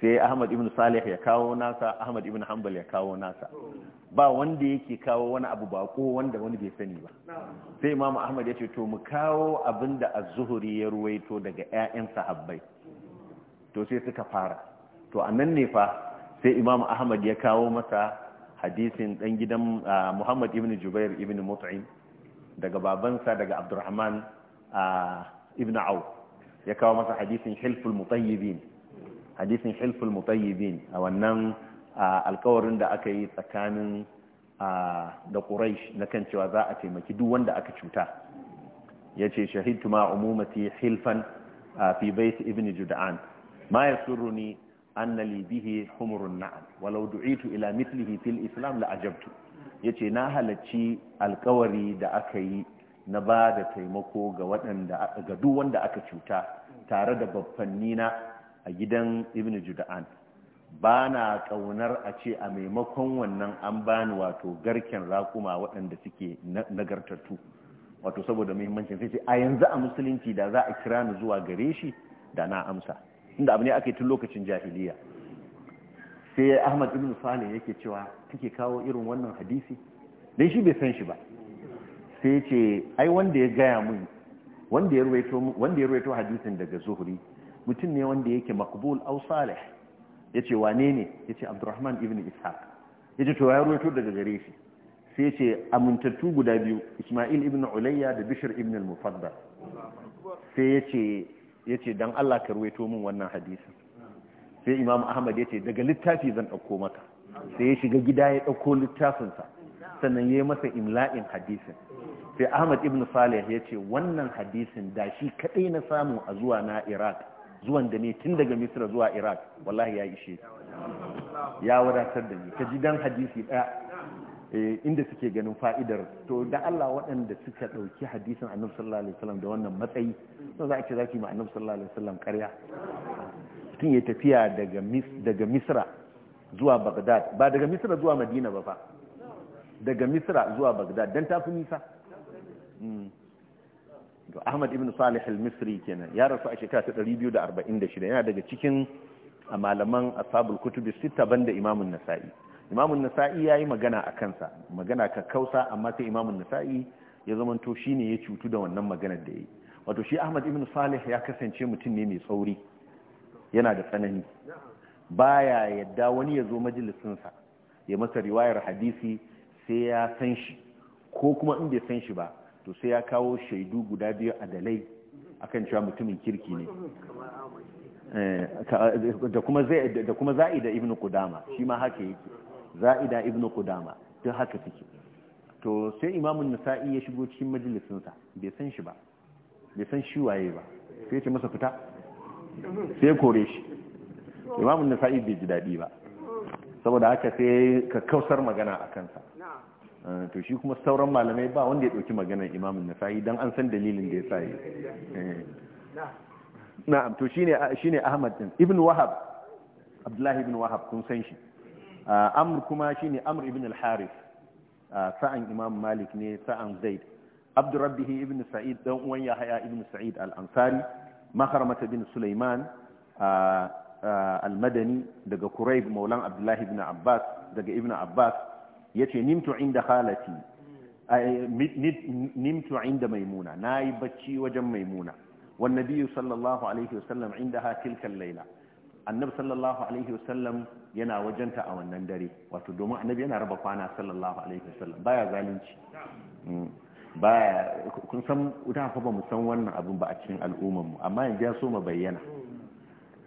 sai Ahmad ibn Salih ya kawo nasa Ahmad ibn Hanbal ya kawo nasa ba wanda yake kawo wani abu bako wanda wani bai sani ba sai Imam Ahmad ya ce to mu kawo abinda az-zuhri ya ruwaito daga yayan sahabbai to sai suka fara to anan ne fa sai Imam Ahmad ya kawo masa hadisin dan gidan ah, Muhammad ibn Jubair ibn Mut'im daga babansa daga abdurrahman ibn auf ya kawo masa hadisin hilful mutayyibin hadisin hilful mutayyibin a wannan alkawarin da aka yi tsakanin da quraish na kan cewa za a taimaki duk wanda aka cuta ya ce shahidtu ma umumati hilfan fi bait ibn jud'an ma yasurruni anna li bihi humrun na'am walau du'itu ila mithlihi fil islam la ajabtu yace na halacci alkawari da aka yi na ba da taimako ga waɗanda duk wanda aka cuta tare da babbanni a gidan ibnu juda'an ba na ƙaunar a ce a maimakon wannan an bani wato garken raƙuma waɗanda suke nagartattu wato saboda muhimmancin sai a yanzu a musulunci da za a kira ni zuwa gare shi da na amsa inda abu ne ake tun lokacin jahiliya sai ahmad ibn salih yake cewa kake kawo irin wannan hadisi dan shi bai san shi ba sai ce ai wanda ya gaya mun wanda ya ruwaito wanda ya ruwaito hadisin daga zuhri mutum ne wanda yake maqbul aw salih yace wane ne yace abdurrahman ibn ishaq yace to ya ruwaito daga gare shi sai yace amintattu guda biyu isma'il ibn ulayya da bishr ibn al-mufaddal sai yace yace dan Allah ka ruwaito min wannan hadisin sai imam ahmad ya ce daga littafi zan ɗauko maka sai ya shiga gida ya ɗauko littafinsa sannan ya yi masa imla'in hadisin sai ahmad ibn salih ya ce wannan hadisin da shi kaɗai na samu a zuwa na iraq zuwan da ne tun daga misra zuwa iraq wallahi ya ishe ya wadatar da ni ka ji dan hadisi ɗaya eh, inda suke ganin fa'idar to da Allah waɗanda suka ɗauki hadisin annabi sallallahu alaihi wasallam da wannan matsayi sun za a ce za ki ma annabi sallallahu alaihi wasallam ƙarya mutum ya tafiya daga misra zuwa bagdad ba daga misra zuwa madina ba fa daga misra zuwa bagdad don tafi nisa hmm. ahmad ibn salih al-misri kenan ya rasu a shekara ta 246 yana daga cikin malaman ashabul kutubi sita banda imamun nasa'i imamun nasa'i ya yi magana a kansa magana ka kausa amma sai imamun nasa'i ya zama to shi ne ya cutu da wannan maganar da ya yi wato shi ahmad ibn salih ya kasance mutum ne mai tsauri yana da tsanani baya yadda wani ya zo majalisinsa ya masa riwayar hadisi sai ya san shi ko kuma in bai san shi ba to sai ya kawo shaidu guda biyu a dalai akan cewa mutumin kirki ne eh, da kuma za'ida ibn kudama shi ma haka yake za'ida ibn kudama duk haka take to sai imamun nasa'i ya shigo cikin majalisinsa bai san shi ba bai san shi waye ba sai ya ce masa fita sai kore shi imamun nasa'i bai ji daɗi ba saboda haka sai ka kausar magana a kansa to shi kuma sauran malamai ba wanda ya ɗauki maganar imamun nasa'i don an san dalilin da ya sa yi na'am to shi ne ahmad din ibn wahab abdullahi ibn wahab kun san shi amur kuma shi ne amur ibn al haris sa'an imam malik ne sa'an zaid abdurrabbihi ibn sa'id dan uwan haya ibn sa'id al-ansari makaramata bin Sulaiman al-Madani daga Quraib maulan Abdullah ibn Abbas daga Ibn Abbas yace nimtu inda khalati e, nimtu inda maimuna nayi bacci wajen maimuna wan nabiy sallallahu alaihi wasallam indaha tilka al-laila annabi sallallahu alaihi wasallam yana wajenta a wannan dare wato domin annabi yana raba kwana sallallahu alaihi wasallam baya zalunci mm. ba kun san da fa ba mu san wannan abin ba a cikin al'umman mu amma yanzu ya so ma bayyana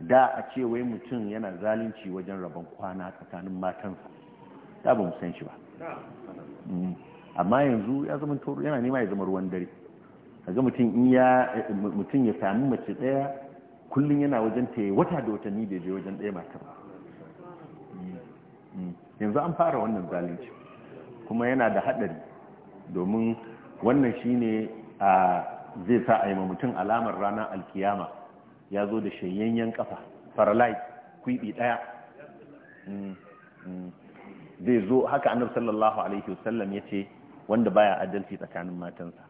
da a ce wai mutum yana zalunci wajen rabon kwana tsakanin matansa da ba mu san shi ba mm. amma yanzu ya zama toro yana nema ya zama ruwan dare kaga mutum in ya mutum ya sami mace daya kullun yana wajen ta wata da watanni da je wajen daya matan mm. mm. yanzu an fara wannan zalunci kuma yana da hadari domin wannan shine a zai sa a yi mutum alamar ranar alkiyama ya zo da shayayyen kafa paralyze kwibi daya mm, mm. zai zo haka annabi sallallahu alaihi wasallam ya ce wanda baya adalci tsakanin matansa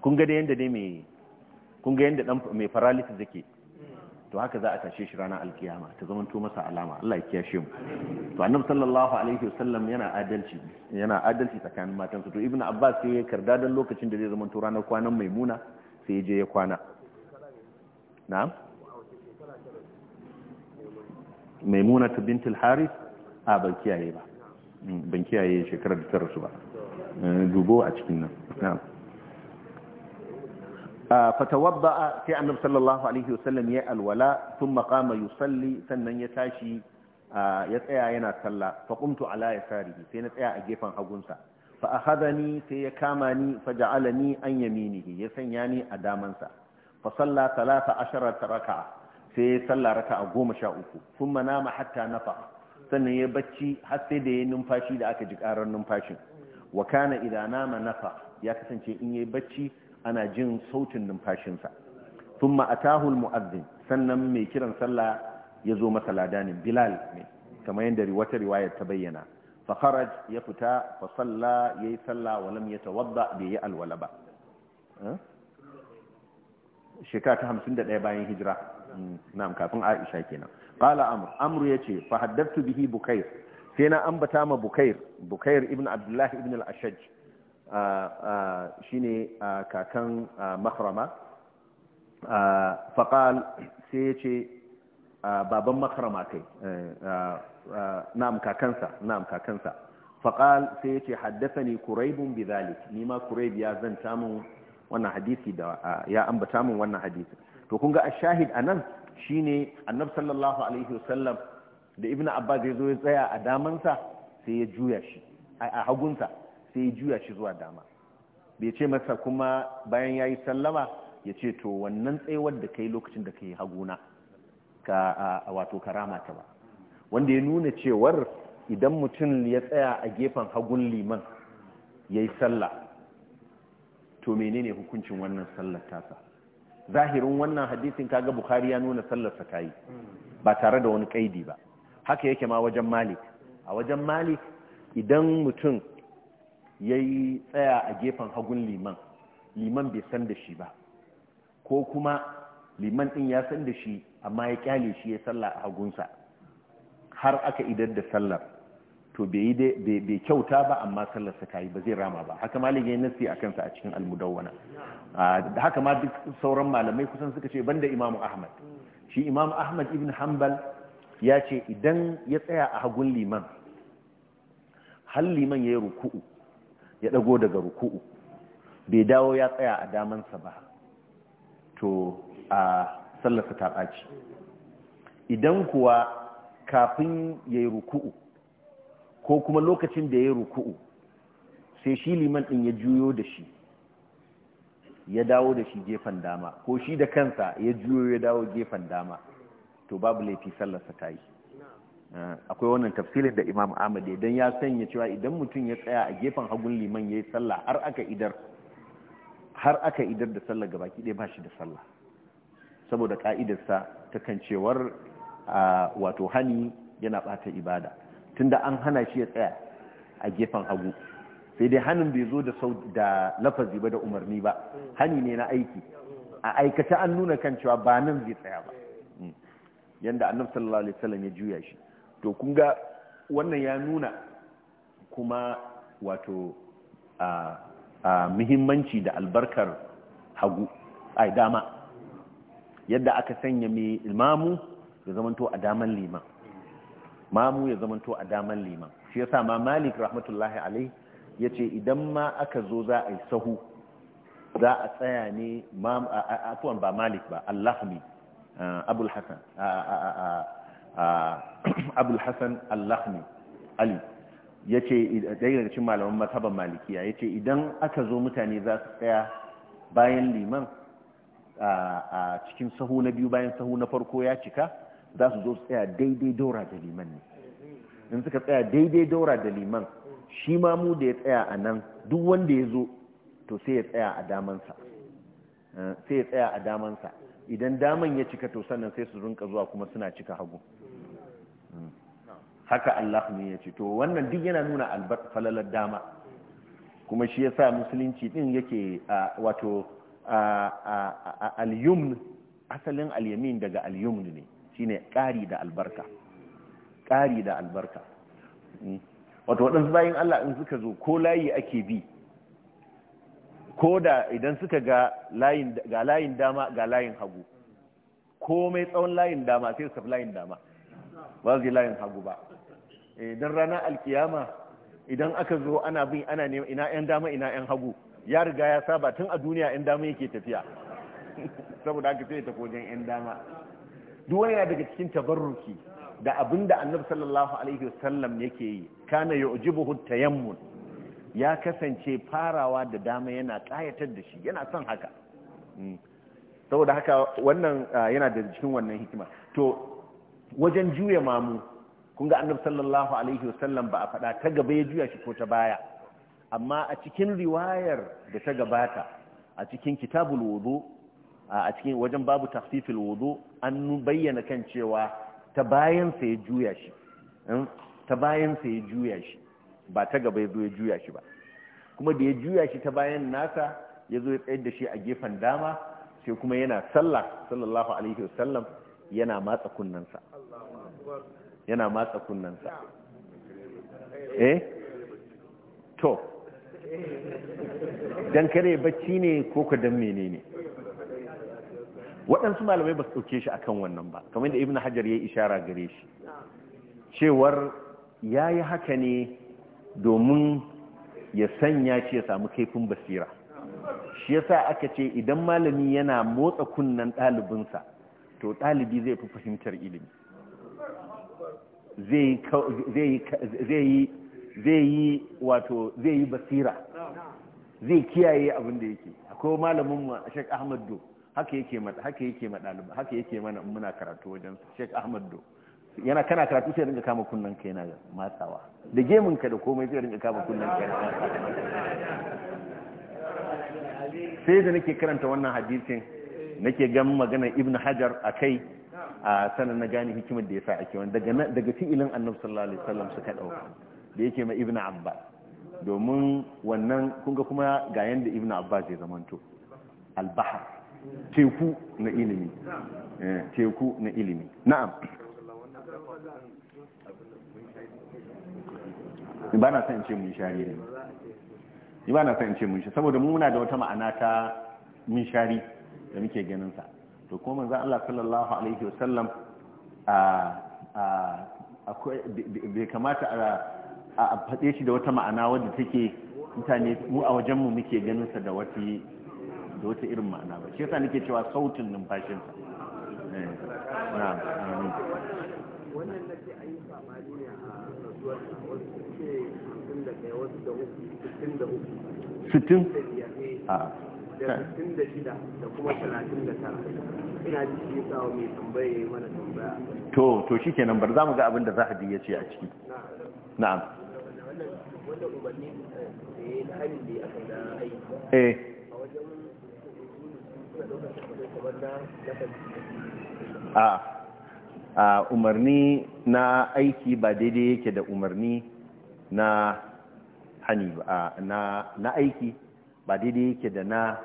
kun da yanda dai mai kun mai paralysis yake to haka za a tashe shi ranar alkiyama ta zama to masa alama Allah ya kiyashe mu to annabi sallallahu alaihi wasallam yana adalci yana adalci tsakanin matan su to Ibn abbas sai ya karda dan lokacin da zai zama to ranar kwanan maimuna sai ya je ya kwana na'am maimuna ta bint al-harith a ban kiyaye ba hmm, ban kiyaye shekarar da ta rasu ba eh, dubo a cikin nan na'am فتوضأ في النبي صلى الله عليه وسلم يا الولاء ثم قام يصلي sannan ya tashi ya tsaya yana sallah fa qumtu ala yasarihi sai na tsaya a gefen hagunsa fa ni sai ya kama ni fa ja'alani an yaminihi ya sanya ni a damansa fa salla 13 raka'a sai ya salla raka'a uku thumma nama hatta nafa sannan ya bacci har sai da ya numfashi da aka ji karar numfashin wa kana idan nama nafa ya kasance in yayi bacci ana jin sautin numfashinsa a tahul almu'adhdhin sannan mai kiran sallah ya zo masa ladanin bilal ne kamar yadda wata riwayar ta bayyana fa kharaj ya fita fa salla yi sallah walam ya yatawadda bai yi alwala ba shekara ta 51 bayan hijira hmm, na kafin Aisha kenan qala amur ya ce fa haddathtu bihi bukair sai na ambata ma bukair bukair ibn abdullah ibn al-ashaj shine kakan makrama faƙal sai ya ce baban makrama kai eh, na'am kakansa na'am kakansa faƙal sai ya ce haddasa ne kuraibun bizalik nima kuraib ya zanta mun wannan hadisi da ya ambata mun wannan hadisi to kun ga a shahid a nan shi ne annab sallallahu alaihi wasallam da ibn abba zai zo ya tsaya a damansa sai ya juya shi a hagunsa sai juya shi zuwa dama bai ce masa kuma bayan ya yi sallama ya ce to wannan tsayuwar da ka lokacin da ka yi haguna ka a wato karama ta ba wanda ya nuna cewar idan mutum ya tsaya a gefen hagun liman ya yi sallah to menene hukuncin wannan sallar tasa zahirin wannan hadisin kaga bukari ya nuna sallarsa ta yi ba tare da wani kaidi ba haka yake ma wajen malik a wajen malik idan mutum ya yi tsaya a gefen hagun liman liman bai san da shi ba ko kuma liman ɗin ya san da shi amma ya kyale shi ya sallah a hagunsa har aka idar da sallar to bai kyauta ba amma sallar sa yi ba zai rama ba haka malik na nasi a kansa a cikin almudawana da haka ma duk sauran malamai kusan suka ce banda imamu ahmad shi imamu ahmad ibn hanbal ya ce idan ya tsaya a hagun liman har liman ya yi ruku'u ya ɗago daga ruku'u bai dawo ya tsaya a damansa ba to a sallarsa ta ɓaci idan kuwa kafin ya yi ruku'u ko kuma lokacin da ya yi ruku'u sai shi liman ɗin ya juyo da shi ya dawo da shi gefen dama ko shi da kansa ya juyo ya dawo gefen dama to babu laifi sallarsa ta yi Eh, akwai wannan tafsirin da imam ahmad idan ya sanya cewa idan mutum ya tsaya a gefen hagun liman ya yi sallah har aka idar har aka idar da sallah gabaki ɗaya ba shi da sallah saboda ƙa'idarsa ta kan wato hani yana ɓata ibada tunda an hana shi ya tsaya a gefen hagu sai dai hannun bai zo da lafazi ba da umarni ba hani ne na aiki a aikata an nuna kan cewa ba nan zai tsaya ba hmm. yadda annab sallallahu alaihi ya juya shi to kun ga wannan ya nuna kuma wato a muhimmanci da albarkar hagu ai dama yadda aka sanya mai imamu ya zamanto a daman liman mamu ya zamanto a daman liman shi yasa ma malik rahmatullahi alai ya ce idan ma aka zo za a yi sahu za a tsaya ne tuwan ba malik ba allahmi abul hassan abul hassan al ali ya ce ɗaya daga cin malaman mazhaban malikiya ya ce idan aka zo mutane za su tsaya bayan liman a cikin sahu na biyu bayan sahu na farko ya cika za su zo su tsaya daidai daura da liman ne in suka tsaya daidai daura da liman shi ma mu da ya tsaya a nan duk wanda ya zo to sai ya tsaya a damansa sai ya tsaya a damansa idan daman ya cika to sannan sai su rinka zuwa kuma suna cika hagu hmm. haka Allah ne ya ce to wannan duk yana nuna falalar dama kuma shi yasa musulunci ɗin yake wato al-yumn asalin al-yamin daga al-yumn ne shine ƙari da albarka ƙari da albarka hmm. wato waɗansu bayan Allah in suka zo ko layi ake bi ko da idan suka ga layin dama ga layin hagu komai tsawon layin dama sai su layin dama ba su layin hagu ba idan eh, rana alkiyama idan aka zo ana bin ana neman ina yan dama ina yan hagu ya riga ya saba tun a duniya yan dama yake tafiya saboda aka sai ta kojin yan dama duk wani yana daga cikin tabarruki da abinda annabi sallallahu alaihi wasallam yake yi kana yu'jibuhu tayammun ya kasance farawa da dama yana ƙayatar da shi yana son haka mm. saboda haka wannan ah, yana da cikin wannan hikima to wajen juya mamu kun ga annabi sallallahu alaihi wasallam ba a faɗa ta gaba ya juya shi ko ta baya amma a cikin riwayar da ta gabata a cikin kitabul wudu a cikin wajen babu tafsifil wudu an bayyana kan cewa ta bayan sa ya juya shi mm. ta bayan sa ya juya shi ba ta gaba ya zo ya juya shi ba kuma da ya juya shi ta bayan nasa ya zo ya tsayar da shi a gefen dama sai kuma yana sallah sallallahu alaihi wasallam yana matsa kunnansa yana matsa kunnansa eh to dan kare bacci ne ko ka dan menene waɗansu malamai ba su ɗauke shi akan wannan ba kamar da ibnu hajar ya ishara gare shi cewar ya yi haka ne domin ya sanya shi ya samu kaifin basira shi yasa aka ce idan malami yana motsa kunnen ɗalibinsa to ɗalibi zai fi fahimtar ilimi zai yi wato zai yi basira zai kiyaye abin da yake akwai malamin mu Sheikh Do haka yake haka haka yake mana muna karatu wajen shek ahmadu yana kana karatu sai rinka kama kunnan ka yana matsawa da gemin ka da komai sai rinka kama kunnan ka sai da nake karanta wannan hadisin nake gan magana ibn hajar a kai a sanan na gane hikimar da ya sa ake wani daga fi'ilin annabi sallallahu alaihi wasallam suka dauka da yake ma ibn abbas domin wannan kunga kuma ga yanda ibn abbas ya zamanto albahar teku na ilimi eh, teku na ilimi na'am ni ba na san ce mun shari ne ni ba na san ce mun shari saboda muna da wata ma'ana ta mun shari da muke ganin sa to kuma manzon Allah sallallahu alaihi wasallam a a akwai bai kamata a faɗe shi da wata ma'ana wadda take mutane mu a wajen mu muke ganin sa da wata da wata irin ma'ana ba shi yasa nake cewa sautin numfashinsa eh, na'am Ah, sittin da da kuma ina to to shi kenan za mu ga abin da za a ciki eh, eh. a a ah, ah, umarni na aiki ba daidai yake da umarni na hani na na aiki ba daidai yake da na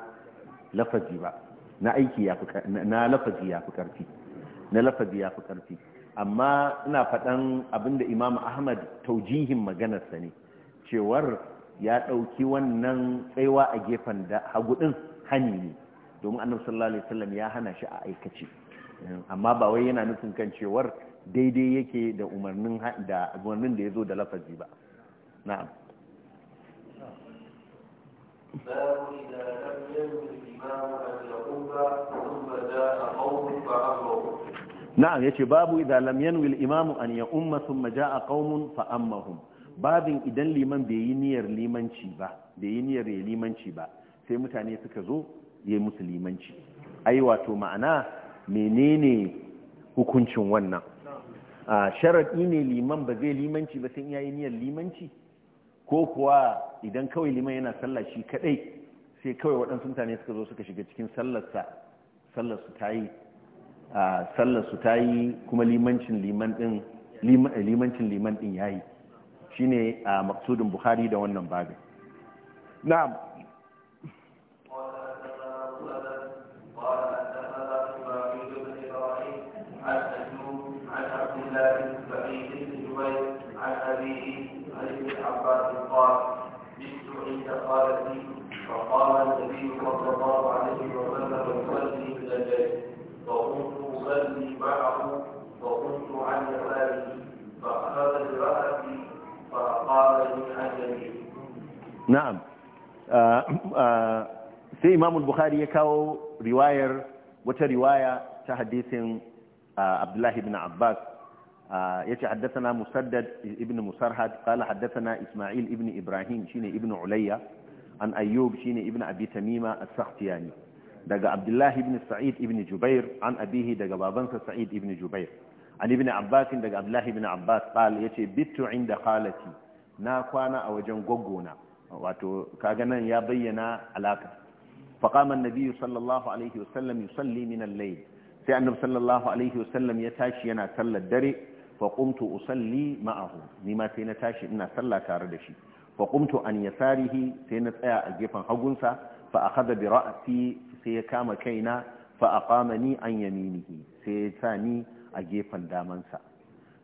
lafazi ba na aiki ya na lafazi ya fi karfi na lafazi ya karfi amma ina faɗan abinda imam ahmad taujihin maganarsa ne cewar ya ɗauki wannan tsaiwa a gefen da hagudin hani ne domin annabi sallallahu alaihi wasallam ya hana shi a aikace amma ba wai yana nufin kan cewar daidai yake da umarnin da umarnin da yazo da lafazi ba na'am na'am إذا لم ينم الإمام أن يقوم ثم جاء قوم فأمرهم نعم يشي باب إذا لم babin idan liman bai yi niyar limanci ba bai yi niyyar ya limanci ba sai mutane suka zo ya yi musu limanci ai wato ma'ana menene hukuncin wannan a sharaɗi ne liman ba zai limanci ba sai ya yi niyyar limanci ko kuwa idan kawai liman yana sallah shi kadai sai kawai waɗansu mutane suka zo suka shiga cikin sallarsa sallarsu ta yi kuma limancin liman ɗin limancin liman ya yi shi ne a maksudin buhari da wannan babin na'am imam bukhari ya kawo riwayar wata riwaya ta hadisin abdullahi ibn abbas yace haddathana musaddad ibn musarhad kala haddasa na isma'il ibn ibrahim shine ibn ulayya an ayyub shine ibn abi tamima as-sakhtiyani daga abdullahi ibn sa'id ibn jubair an abihi daga babansa sa'id ibn jubair an ibn abbas daga abdullahi ibn abbas qala yace bitu inda khalati na kwana a wajen gogona wato kaga nan ya bayyana alaka فقام النبي صلى الله عليه وسلم يصلي من الليل سيأنب صلى الله عليه وسلم يتاشي أنا صلى الدري فقمت أصلي معه لما سينتاشي أنا صلى تاردشي فقمت أن يساره سينتأى أجيبا حقنسا فأخذ برأسي سيكام كينا فأقامني عن يمينه سيتاني أجيبا دامنسا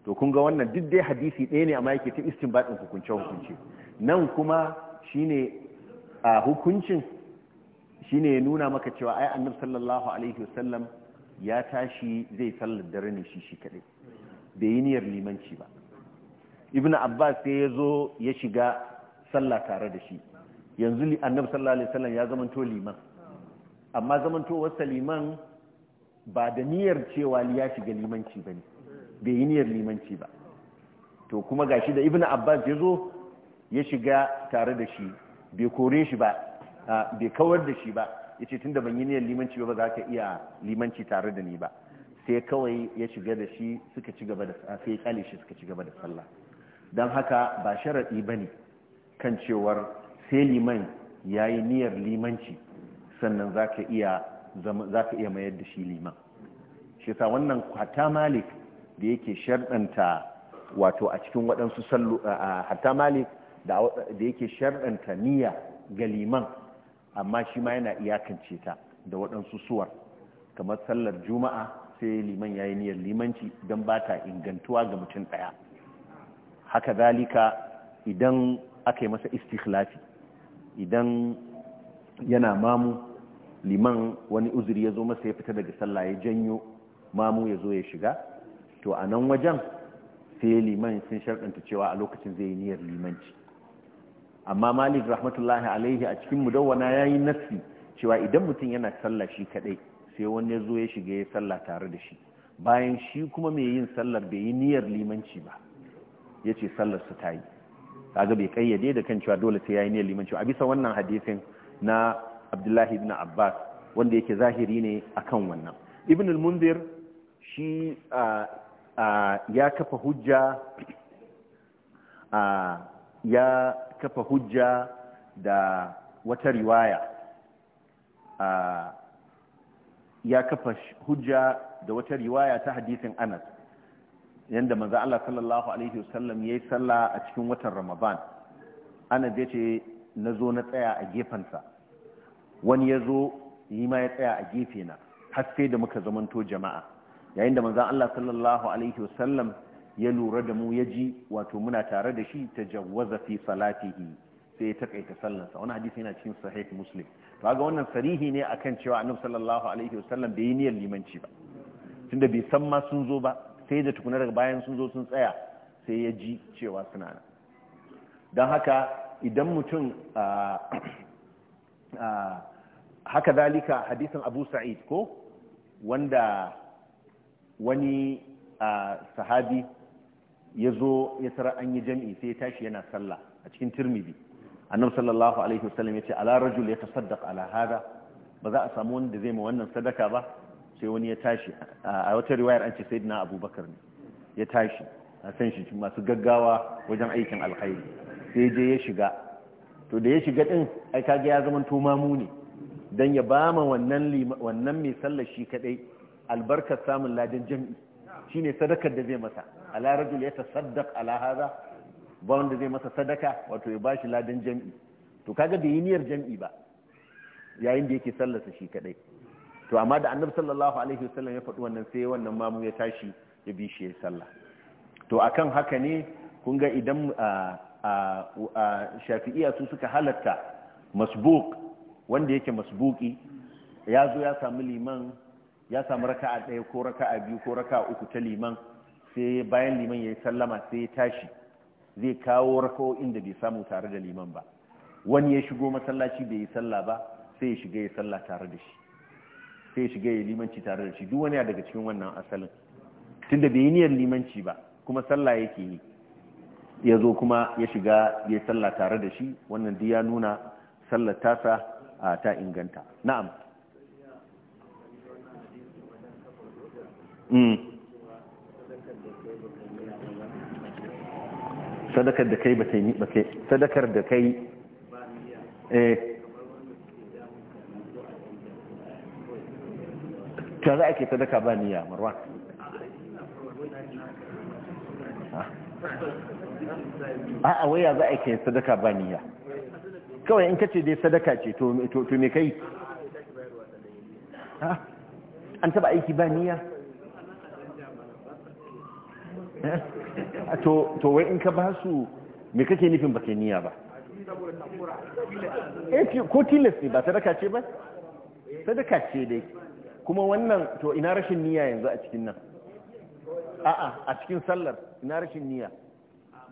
to kun ga wannan duk dai hadisi ɗaya ne amma yake ta istinbaɗin hukunce-hukunce nan kuma shine a hukuncin shine ya nuna maka cewa ai annab sallallahu alaihi wasallam ya tashi zai sallar dare ne shi shi kadai bai yi niyyar limanci ba ibn abbas sai ya zo ya shiga sallah tare da shi yanzu annabi sallallahu alaihi wasallam ya zamanto liman amma zamanto wasa liman ba da niyyar cewa ya shiga limanci bane bai yi niyyar limanci ba to kuma gashi da ibn abbas ya zo ya shiga tare da shi bai kore shi ba bai kawar da shi ba ya ce tunda ban yi niyar limanci ba za ka iya limanci tare da ni ba sai kawai ya shiga da shi suka ci gaba da sai ya shi suka ci gaba da sallah don haka ba sharaɗi ba ne kan cewar sai liman ya yi niyar limanci sannan za ka iya mayar da shi liman shi sa wannan hatta malik da yake sharɗanta wato a cikin waɗansu sallu hatta malik da yake sharɗanta niyya ga liman amma shi ma yana iyakance ta da waɗansu suwar kamar sallar juma'a sai liman ya yi niyyar limanci don ba ta ingantuwa ga mutum ɗaya haka zalika idan aka yi masa istikhlafi idan yana mamu liman wani uzuri ya zo masa ya fita daga sallah ya janyo mamu ya zo ya shiga to a nan wajen sai liman sun sharɗanta cewa a lokacin zai yi niyyar limanci amma malik rahmatullahi alaihi a cikin mudawwana yayi nassi cewa idan mutum yana sallah shi kadai sai wani ya zo ya shiga ya sallah tare da shi bayan shi kuma mai yin sallar bai yi niyyar limanci ba ya ce sallar su ta yi kaga bai kayyade da kan cewa dole sai ya yi niyyar limanci a bisa wannan hadisin na abdullahi ibn abbas wanda yake zahiri ne akan wannan ibn al-mundir shi ya kafa hujja ya kafa hujja da wata riwaya ya kafa hujja da wata riwaya ta hadisin anas yadda manzo Allah sallallahu alaihi wasallam yayi sallah a cikin watan Ramadan anas yace nazo na tsaya a gefensa wani yazo yi ma ya tsaya a gefe na har sai da muka zamanto jama'a yayin da manzo Allah sallallahu alaihi wasallam ya lura da mu ya ji wato muna tare da shi ta jawaza fi salatihi sai ya takaita sallansa wani hadisi yana cikin sahih muslim to ga wannan sarihi ne akan cewa annabi sallallahu alaihi wasallam bai yi niyyar limanci ba tunda bai san ma sun zo ba sai da tukuna daga bayan sun zo sun tsaya sai ya ji cewa suna nan don haka idan mutum haka zalika hadisin abu sa'id ko wanda wani sahabi ya zo ya tara an yi jam'i sai ya tashi yana sallah a cikin tirmidhi annabi sallallahu alaihi wasallam ya ce ala rajul ya tasaddaq ala hada ba za a samu wanda zai ma wannan sadaka ba sai wani ya tashi a wata riwayar an ce sayyidina abubakar ne ya tashi a san shi masu gaggawa wajen aikin alkhairi sai je ya shiga to da ya shiga din ai kage ya zama to mamu ne dan ya ba ma wannan wannan mai sallar shi kadai albarkar samun ladan jami'i shine sadakar da zai masa ala rajul ya tasaddaq ala hadha ba wanda zai masa sadaka wato ya bashi ladan jam'i to kaga bai yi niyyar jam'i ba yayin da yake sallarsa shi kadai to amma da annabi sallallahu alaihi wasallam ya faɗi wannan sai wannan mamu ya tashi ya bi shi ya sallah to akan haka ne kun ga idan shafi'iya su suka halatta masbuq wanda yake masbuqi ya zo ya samu liman ya samu raka'a ɗaya ko raka'a biyu ko raka'a uku ta liman sai bayan liman ya yi sallama sai ya tashi zai kawo raka'o'in da bai samu tare da liman ba wani ya shigo masallaci bai yi sallah ba sai ya shiga ya sallah tare da shi sai ya shiga ya limanci tare da shi duk wani daga cikin wannan asalin tunda bai yi niyyar limanci ba kuma salla yake yi ya zo kuma ya shiga ya salla tare da shi wannan duk ya nuna sallar tasa ta inganta na'am hmm. sadakar da kai ba ta yi ba kai sadakar da kai eh ta za a ke sadaka ba niya marwa a ah. a waya za a ke sadaka ba niya kawai in ka ce dai sadaka ce to me kai an taba aiki ba niya to wai in ka ba su me kake nufin ba ke niyya ba eh, ko tilas ne ba sadaka ce ba sadaka ce dai kuma wannan to ina rashin niyya yanzu a cikin nan a'a a cikin sallar ina rashin niyya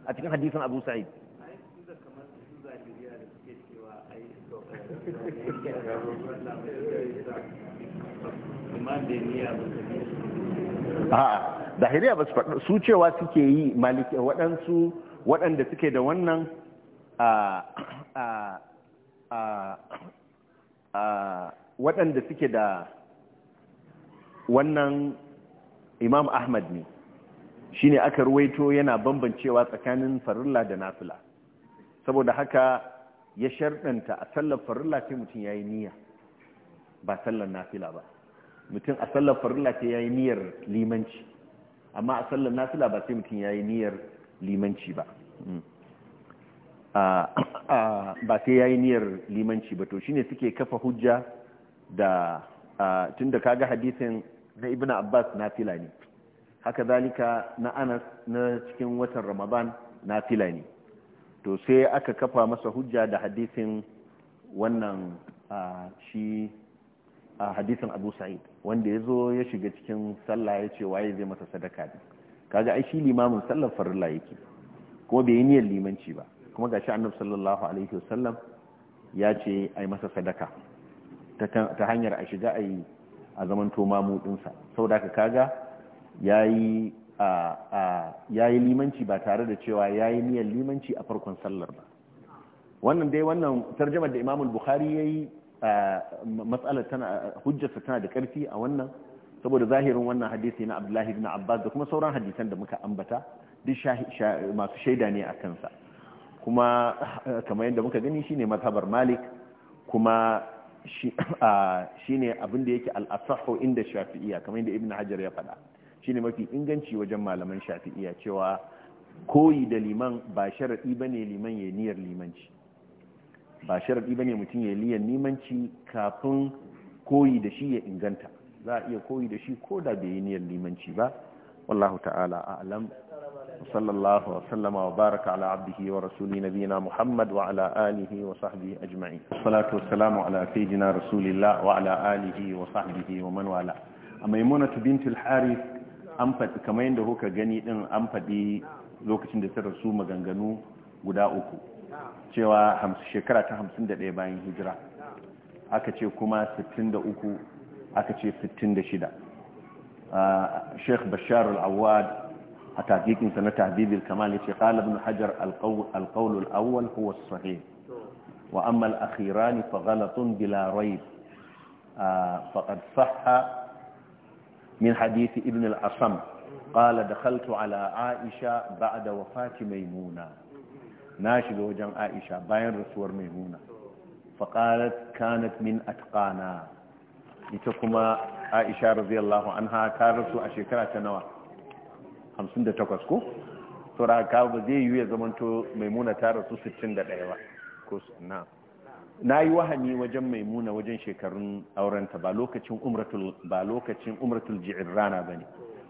a cikin hadisin abu sa'id a'a zahiriya ba su faɗa su cewa suke yi maliki waɗansu waɗanda suke da wannan waɗanda suke da wannan imam ahmad ne shine aka ruwaito yana bambancewa tsakanin farilla da nafila saboda haka ya sharɗanta a sallar farilla ce mutum ya yi niyya ba sallar nafila ba mutum a sallar farilla ce ya yi niyyar limanci amma a sallar fila ba sai mutum ya yi niyyar limanci ba mm. ba sai ya yi niyyar limanci ba to shine suke kafa hujja da tun da kaga hadisin na ibn abbas na fila ne haka zalika na anas na cikin watan ramadan na fila ne to sai aka kafa masa hujja da hadisin wannan shi a hadisin abu sa'id wanda ya zo ya shiga cikin sallah ya ce waye zai masa sadaka ne kaga ai shi limamin sallar farilla yake kuma bai yi niyyar limanci ba kuma gashi annabi sallallahu alaihi wasallam ya ce ai masa sadaka ta hanyar a shiga ai a zaman toma sa saboda ka kaga yayi a yayi limanci ba tare da cewa yayi niyyar limanci a farkon sallar ba wannan dai wannan tarjamar da imamul Bukhari yayi matsalar tana hujjarsa tana da ƙarfi a wannan saboda zahirin wannan hadisi na abdullahi ibn abbas da kuma sauran hadisan da muka ambata duk masu shaida ne a kansa kuma kamar yadda muka gani shine mazhabar malik kuma shine abin da yake al inda shafi'iyya kamar yadda ibn hajar ya faɗa shine mafi inganci wajen malaman shafi'iyya cewa koyi da liman ba sharadi bane liman ya niyyar limanci ba sharaɗi ba ne mutum ya liya limanci kafin koyi da shi ya inganta za a iya koyi da shi ko da bai yi niyyar limanci ba wallahu ta'ala a'lam sallallahu wa sallama wa baraka ala abdihi wa rasuli nabina muhammad wa ala alihi wa sahbihi ajma'in salatu wassalamu ala sayyidina rasulillah wa ala alihi wa sahbihi wa man wala a maimunatu bint al-harith an faɗi kamar yadda kuka gani din an faɗi lokacin da ta rasu maganganu guda uku cewa shekara ta 51 bayan hijira aka ce kuma 63 aka ce 66 sheikh bashar al-awwad a tafikinsa na tahdibin kamal ce ƙalibin hajjar alƙaunul awwal huwa sahih wa amma al'akhirani fa galatun bila raib faƙad saha min hadithi ibn al-asam قال دخلت على عائشة بعد وفاة ميمونة na shiga wajen aisha bayan rasuwar maimuna Faƙarar kanat min atqana ita kuma aisha radiyallahu anha ta rasu a shekara ta nawa 58 ko saura ka ba zai yi ya zamanto maimuna ta rasu 61 ba ko na na yi wahani wajen maimuna wajen shekarun aurenta ba lokacin umratul ba rana umratul ne.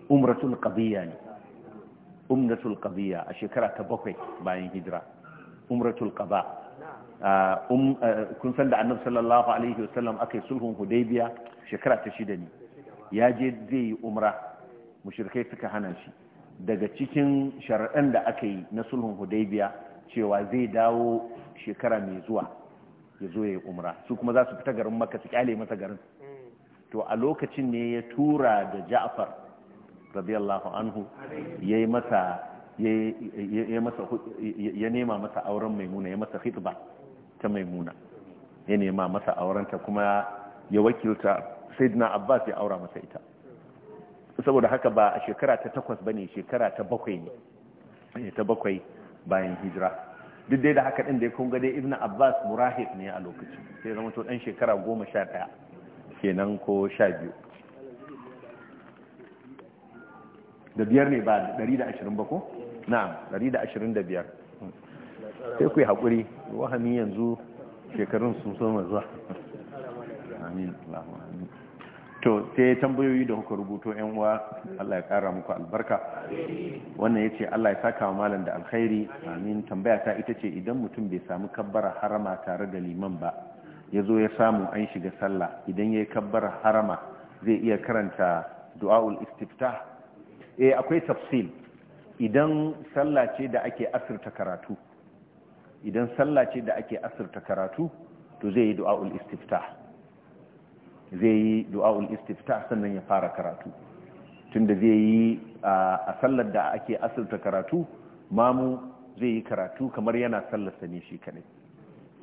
umratul ne umratul qadiyya a shekara ta bakwai bayan hijira umratul qada ah, um ah, kun san da annabi sallallahu alaihi wasallam akai sulhun hudaybiya shekara ta shida ne ya je zai yi umra mushrikai suka hana shi daga cikin shar'an da aka yi na sulhun hudaybiya cewa zai dawo shekara mai zuwa ya zo ya yi umra su kuma za su fita garin makka su kyale masa garin mm. to a lokacin ne ya tura da ja'far radiyallahu anhu ya masa ya nema masa auren maimuna ya masa hitba ta maimuna ya nema masa aurenta kuma ya wakilta sayyidina abbas ya aura masa ita saboda haka ba a shekara ta takwas ba ne shekara ta bakwai ne eh, ta bakwai bayan hijira duk dai da haka ɗin da ya kunga dai ibn abbas murahib ne a lokaci sai zama to ɗan shekara goma sha ɗaya kenan ko sha biyu da biyar ne ba dari da ashirin ba ko na'am dari da ashirin da biyar sai ku yi haƙuri wahami yanzu shekarun sun so zuwa amin amin to sai tambayoyi da kuka rubuto yan uwa Allah ya kara muku albarka wannan ya ce Allah ya saka wa malam da alkhairi amin tambaya ta ita ce idan mutum bai samu kabbara harama tare da liman ba ya zo ya samu an shiga sallah idan ya yi kabbara harama zai iya karanta du'aul istiftah eh akwai tafsil idan sallah ce da ake asirta karatu idan sallah ce da ake asirta karatu to zai yi du'a'ul istiftah zai yi du'a'ul istiftah sannan ya fara karatu tunda zai yi a sallar da ake asirta karatu mamu zai yi karatu kamar yana sallar sa ne shi kaɗai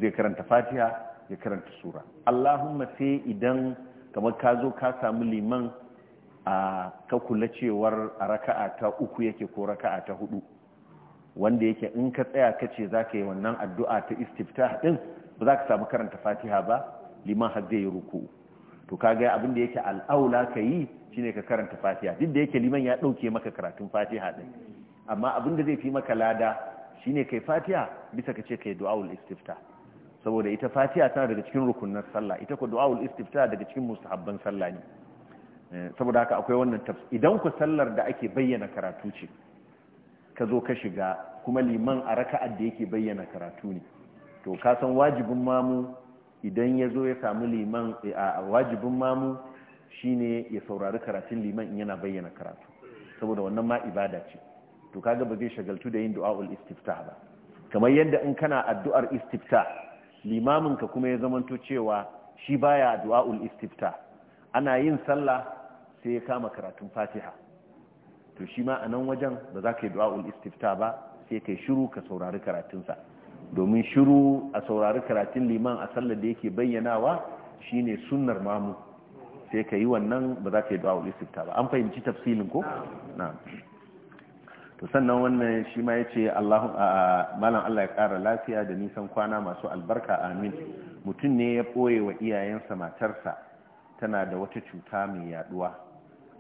zai karanta fatiha ya karanta sura allahumma sai idan kamar ka zo ka samu liman a ka kula cewar a raka'a ta uku yake ko raka'a ta hudu wanda yake in ka tsaya ka ce za ka yi wannan addu'a ta is'tifta din ba za ka samu karanta fatiha ba liman har zai yi ruku to ka kaga abin da yake al'aula ka yi shine ka karanta fatiha duk da yake liman ya ɗauke maka karatun fatiha din amma abin da zai fi maka lada shi shine kai fatiha bisa ka ce ka yi du'aul is'tifta. saboda ita fatiha tana daga cikin rukunin sallah ita ko du'aul istifta daga cikin musahabban sallah ne Eh, saboda haka akwai wannan tafs idan ku sallar da ake bayyana karatu ce ka zo ka shiga kuma liman a raka'ar da yake bayyana karatu ne to ka san wajibin mamu idan ya zo ya samu liman eh, a wajibin mamu shine ya saurari karatun liman in yana bayyana karatu saboda wannan ma ibada ce to kaga ba zai shagaltu da yin du'a'ul istifta ba kamar yadda in kana addu'ar istifta limamin ka kuma ya zamanto cewa shi baya du'a'ul istifta ana yin sallah sai ya kama karatun fatiha to shi ma a nan wajen ba za ka yi du'a'ul istifta ba sai ka yi shiru ka saurari karatunsa domin shiru a saurari karatun liman a sallar da yake bayyanawa shi ne sunnar mamu sai ka yi wannan ba za ka yi du'a'ul istifta ba an fahimci tafsilin ko na to sannan wannan shi ma ya ce malam Allah ya kara lafiya da nisan kwana masu albarka amin mutum ne ya ɓoye wa iyayensa matarsa tana da wata cuta mai yaduwa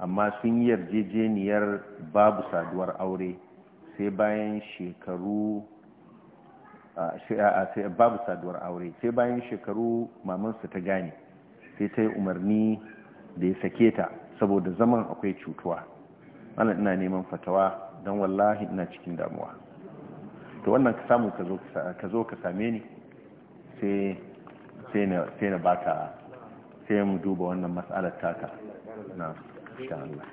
amma sun yi yarjejeniyar babu saduwar aure sai bayan shekaru babu saduwar aure sai bayan shekaru mamansu ta gane sai ta yi umarni da ya sake ta saboda zaman akwai cutuwa ana ina neman fatawa don wallahi ina cikin damuwa to wannan ka samu ka zo ka same ni sai na baka sai mu duba wannan matsalar taka na Allah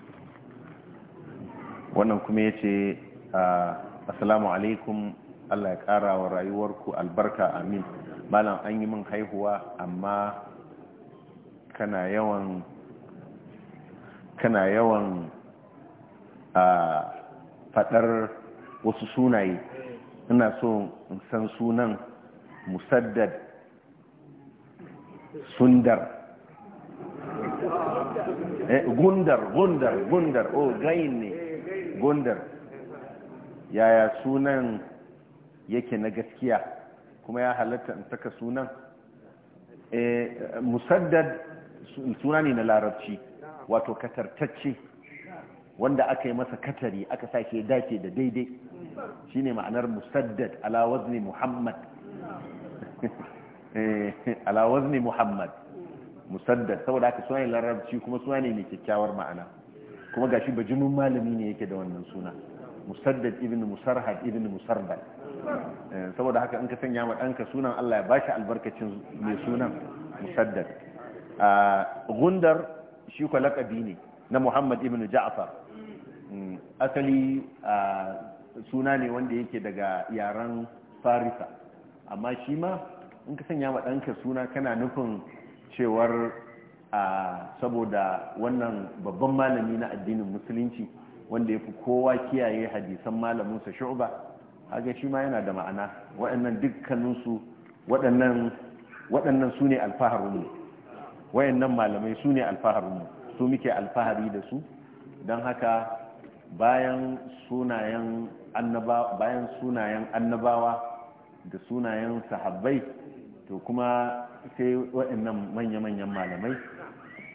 wannan kuma yace ah, assalamu alaikum Allah ya kara wa rayuwarku albarka amin malam an yi min haihuwa amma kana yawan kana a ah, fadar wasu sunaye ina so in san sunan musaddad sundar Eh, gundar gundar gundar o oh, gayin ne gundar yaya sunan yake na gaskiya kuma ya halatta in saka sunan eh, musaddad suna ne na larabci wato katartacce wanda aka yi masa katari aka sake dace da daidai shine ma'anar musaddad ala wazni muhammad eh, ala wazni muhammad musaddad saboda aka suna ne larabci kuma suna ne mai kyakkyawar ma'ana kuma gashi bajimin malami ne yake da wannan suna musaddad ibn musarhad ibn musarbal eh, saboda haka in ka sanya ma ɗanka sunan Allah ya ba shi albarkacin mai sunan musaddad ah, gundar shi ko laƙabi ne na Muhammad ibn Ja'far hmm, asali ah, suna ne wanda yake daga yaren Farisa amma shi ma in ka sanya ma ɗanka suna kana nufin cewar a saboda wannan babban malami na addinin musulunci wanda ya fi kowa kiyaye hadisan malaminsa shu'ba haka shi ma yana da ma'ana waɗannan dukkaninsu waɗannan su ne alfaharinmu waɗannan malamai su ne alfaharinmu su muke alfahari da su don haka bayan sunayen annabawa da sunayen sahabbai to kuma sai waɗannan manya-manyan malamai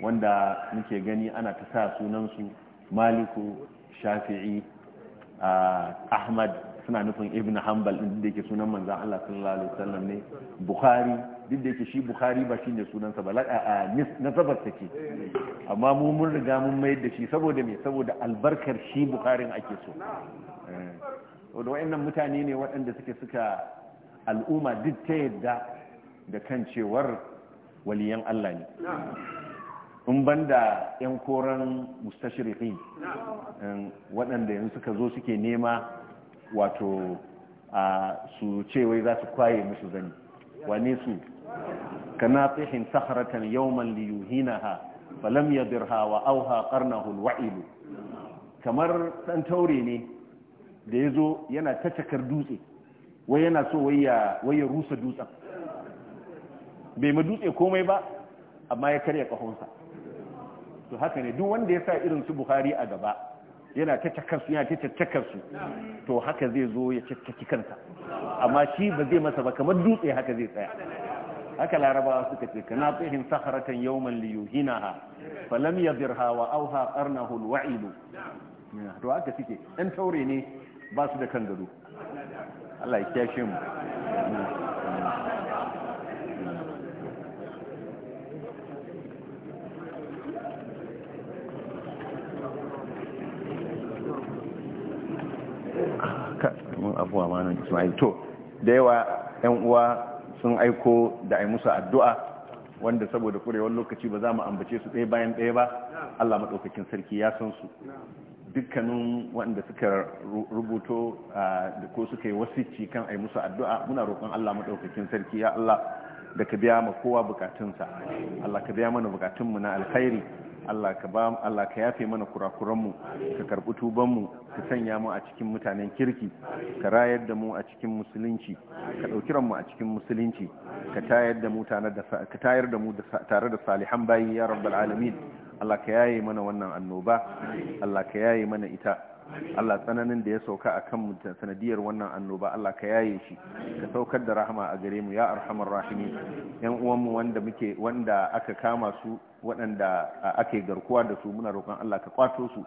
wanda muke gani ana ta sa sunansu maliku shafi'i ahmad suna nufin ibn hanbal din da yake sunan manzan Allah sallallahu alaihi wasallam ne bukhari duk da yake shi bukhari ba shine sunansa ba a nasabar take amma mu mun riga mun mayar da shi saboda me saboda albarkar shi bukharin ake so eh. saboda wayannan mutane ne waɗanda suke suka al'umma duk ta yadda da kan cewar waliyan Allah ne in ban da 'yan koren mustashirikin um, waɗanda yanzu suka zo suke nema wato a su cewai za su kwaye musu zani wane su kana tsihin saharatan yawman liyuhina ha falam birha wa auha karnahul wa'ilu kamar ɗan taure ne da ya zo yana ta dutse wai yana so wai ya rusa dutsen bai ma dutse komai ba amma ya karya kahonsa to haka ne duk wanda ya sa irin su buhari a gaba yana ta cakkarsu yana ta to haka zai zo ya cakkaki kansa amma shi ba zai masa ba kamar dutse haka zai tsaya haka larabawa suka ce kana tsihin saharatan yawman liyuhinaha falam yadirha wa auha qarnahu alwa'id to haka suke dan taure ne ba su da kan gado Allah ya kiyashe mu wa malam Ismail to da yawa yan uwa sun aiko da ai musu addu'a wanda saboda kurewar lokaci ba za mu ambace su ɗaya bayan ɗaya ba Allah madaukakin sarki ya san su dukkanin waɗanda suka rubuto da ko suka yi wasicci kan ai musu addu'a muna roƙon Allah madaukakin sarki ya Allah da ka biya ma kowa bukatunsa Allah ka biya mana bukatunmu na alkhairi Allah ka ba Allah ka yafe mana kurakuranmu ka karɓi tubanmu ka sanya mu a cikin mutanen kirki ka rayar da mu a cikin musulunci ka dauki mu a cikin musulunci ka tayar da mu tare da ka tayar da mu tare da salihan bayi ya rabbal alamin Allah ka yaye mana wannan annoba Allah ka yaye mana ita Allah tsananin da ya sauka a kan sanadiyar wannan annoba Allah ka yaye shi ka saukar da rahama a gare mu ya arhamar rahimi yan uwanmu wanda muke wanda aka kama su waɗanda ake garkuwa da su muna roƙon Allah ka kwato su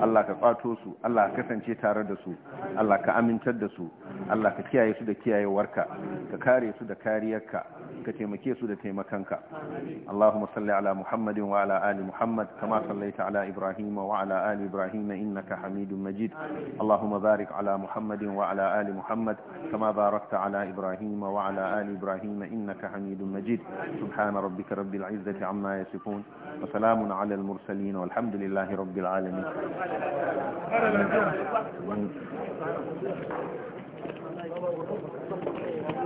Allah ka kwato su Allah ka kasance tare da su Allah ka amintar da su Allah ka kiyaye su da kiyayewarka ka kare su da kariyarka ka taimake su da taimakanka Allahumma salli ala Muhammadin wa ala ali Muhammad kama sallaita ala Ibrahim wa ala ali Ibrahim innaka Hamidum Majid Allahumma barik ala Muhammadin wa ala ali Muhammad kama barakta ala Ibrahim wa ala ali Ibrahim innaka Hamidum Majid subhana rabbika rabbil izzati amma yasifun wa salamun ala al mursalin walhamdulillahi rabbil alamin Thank you.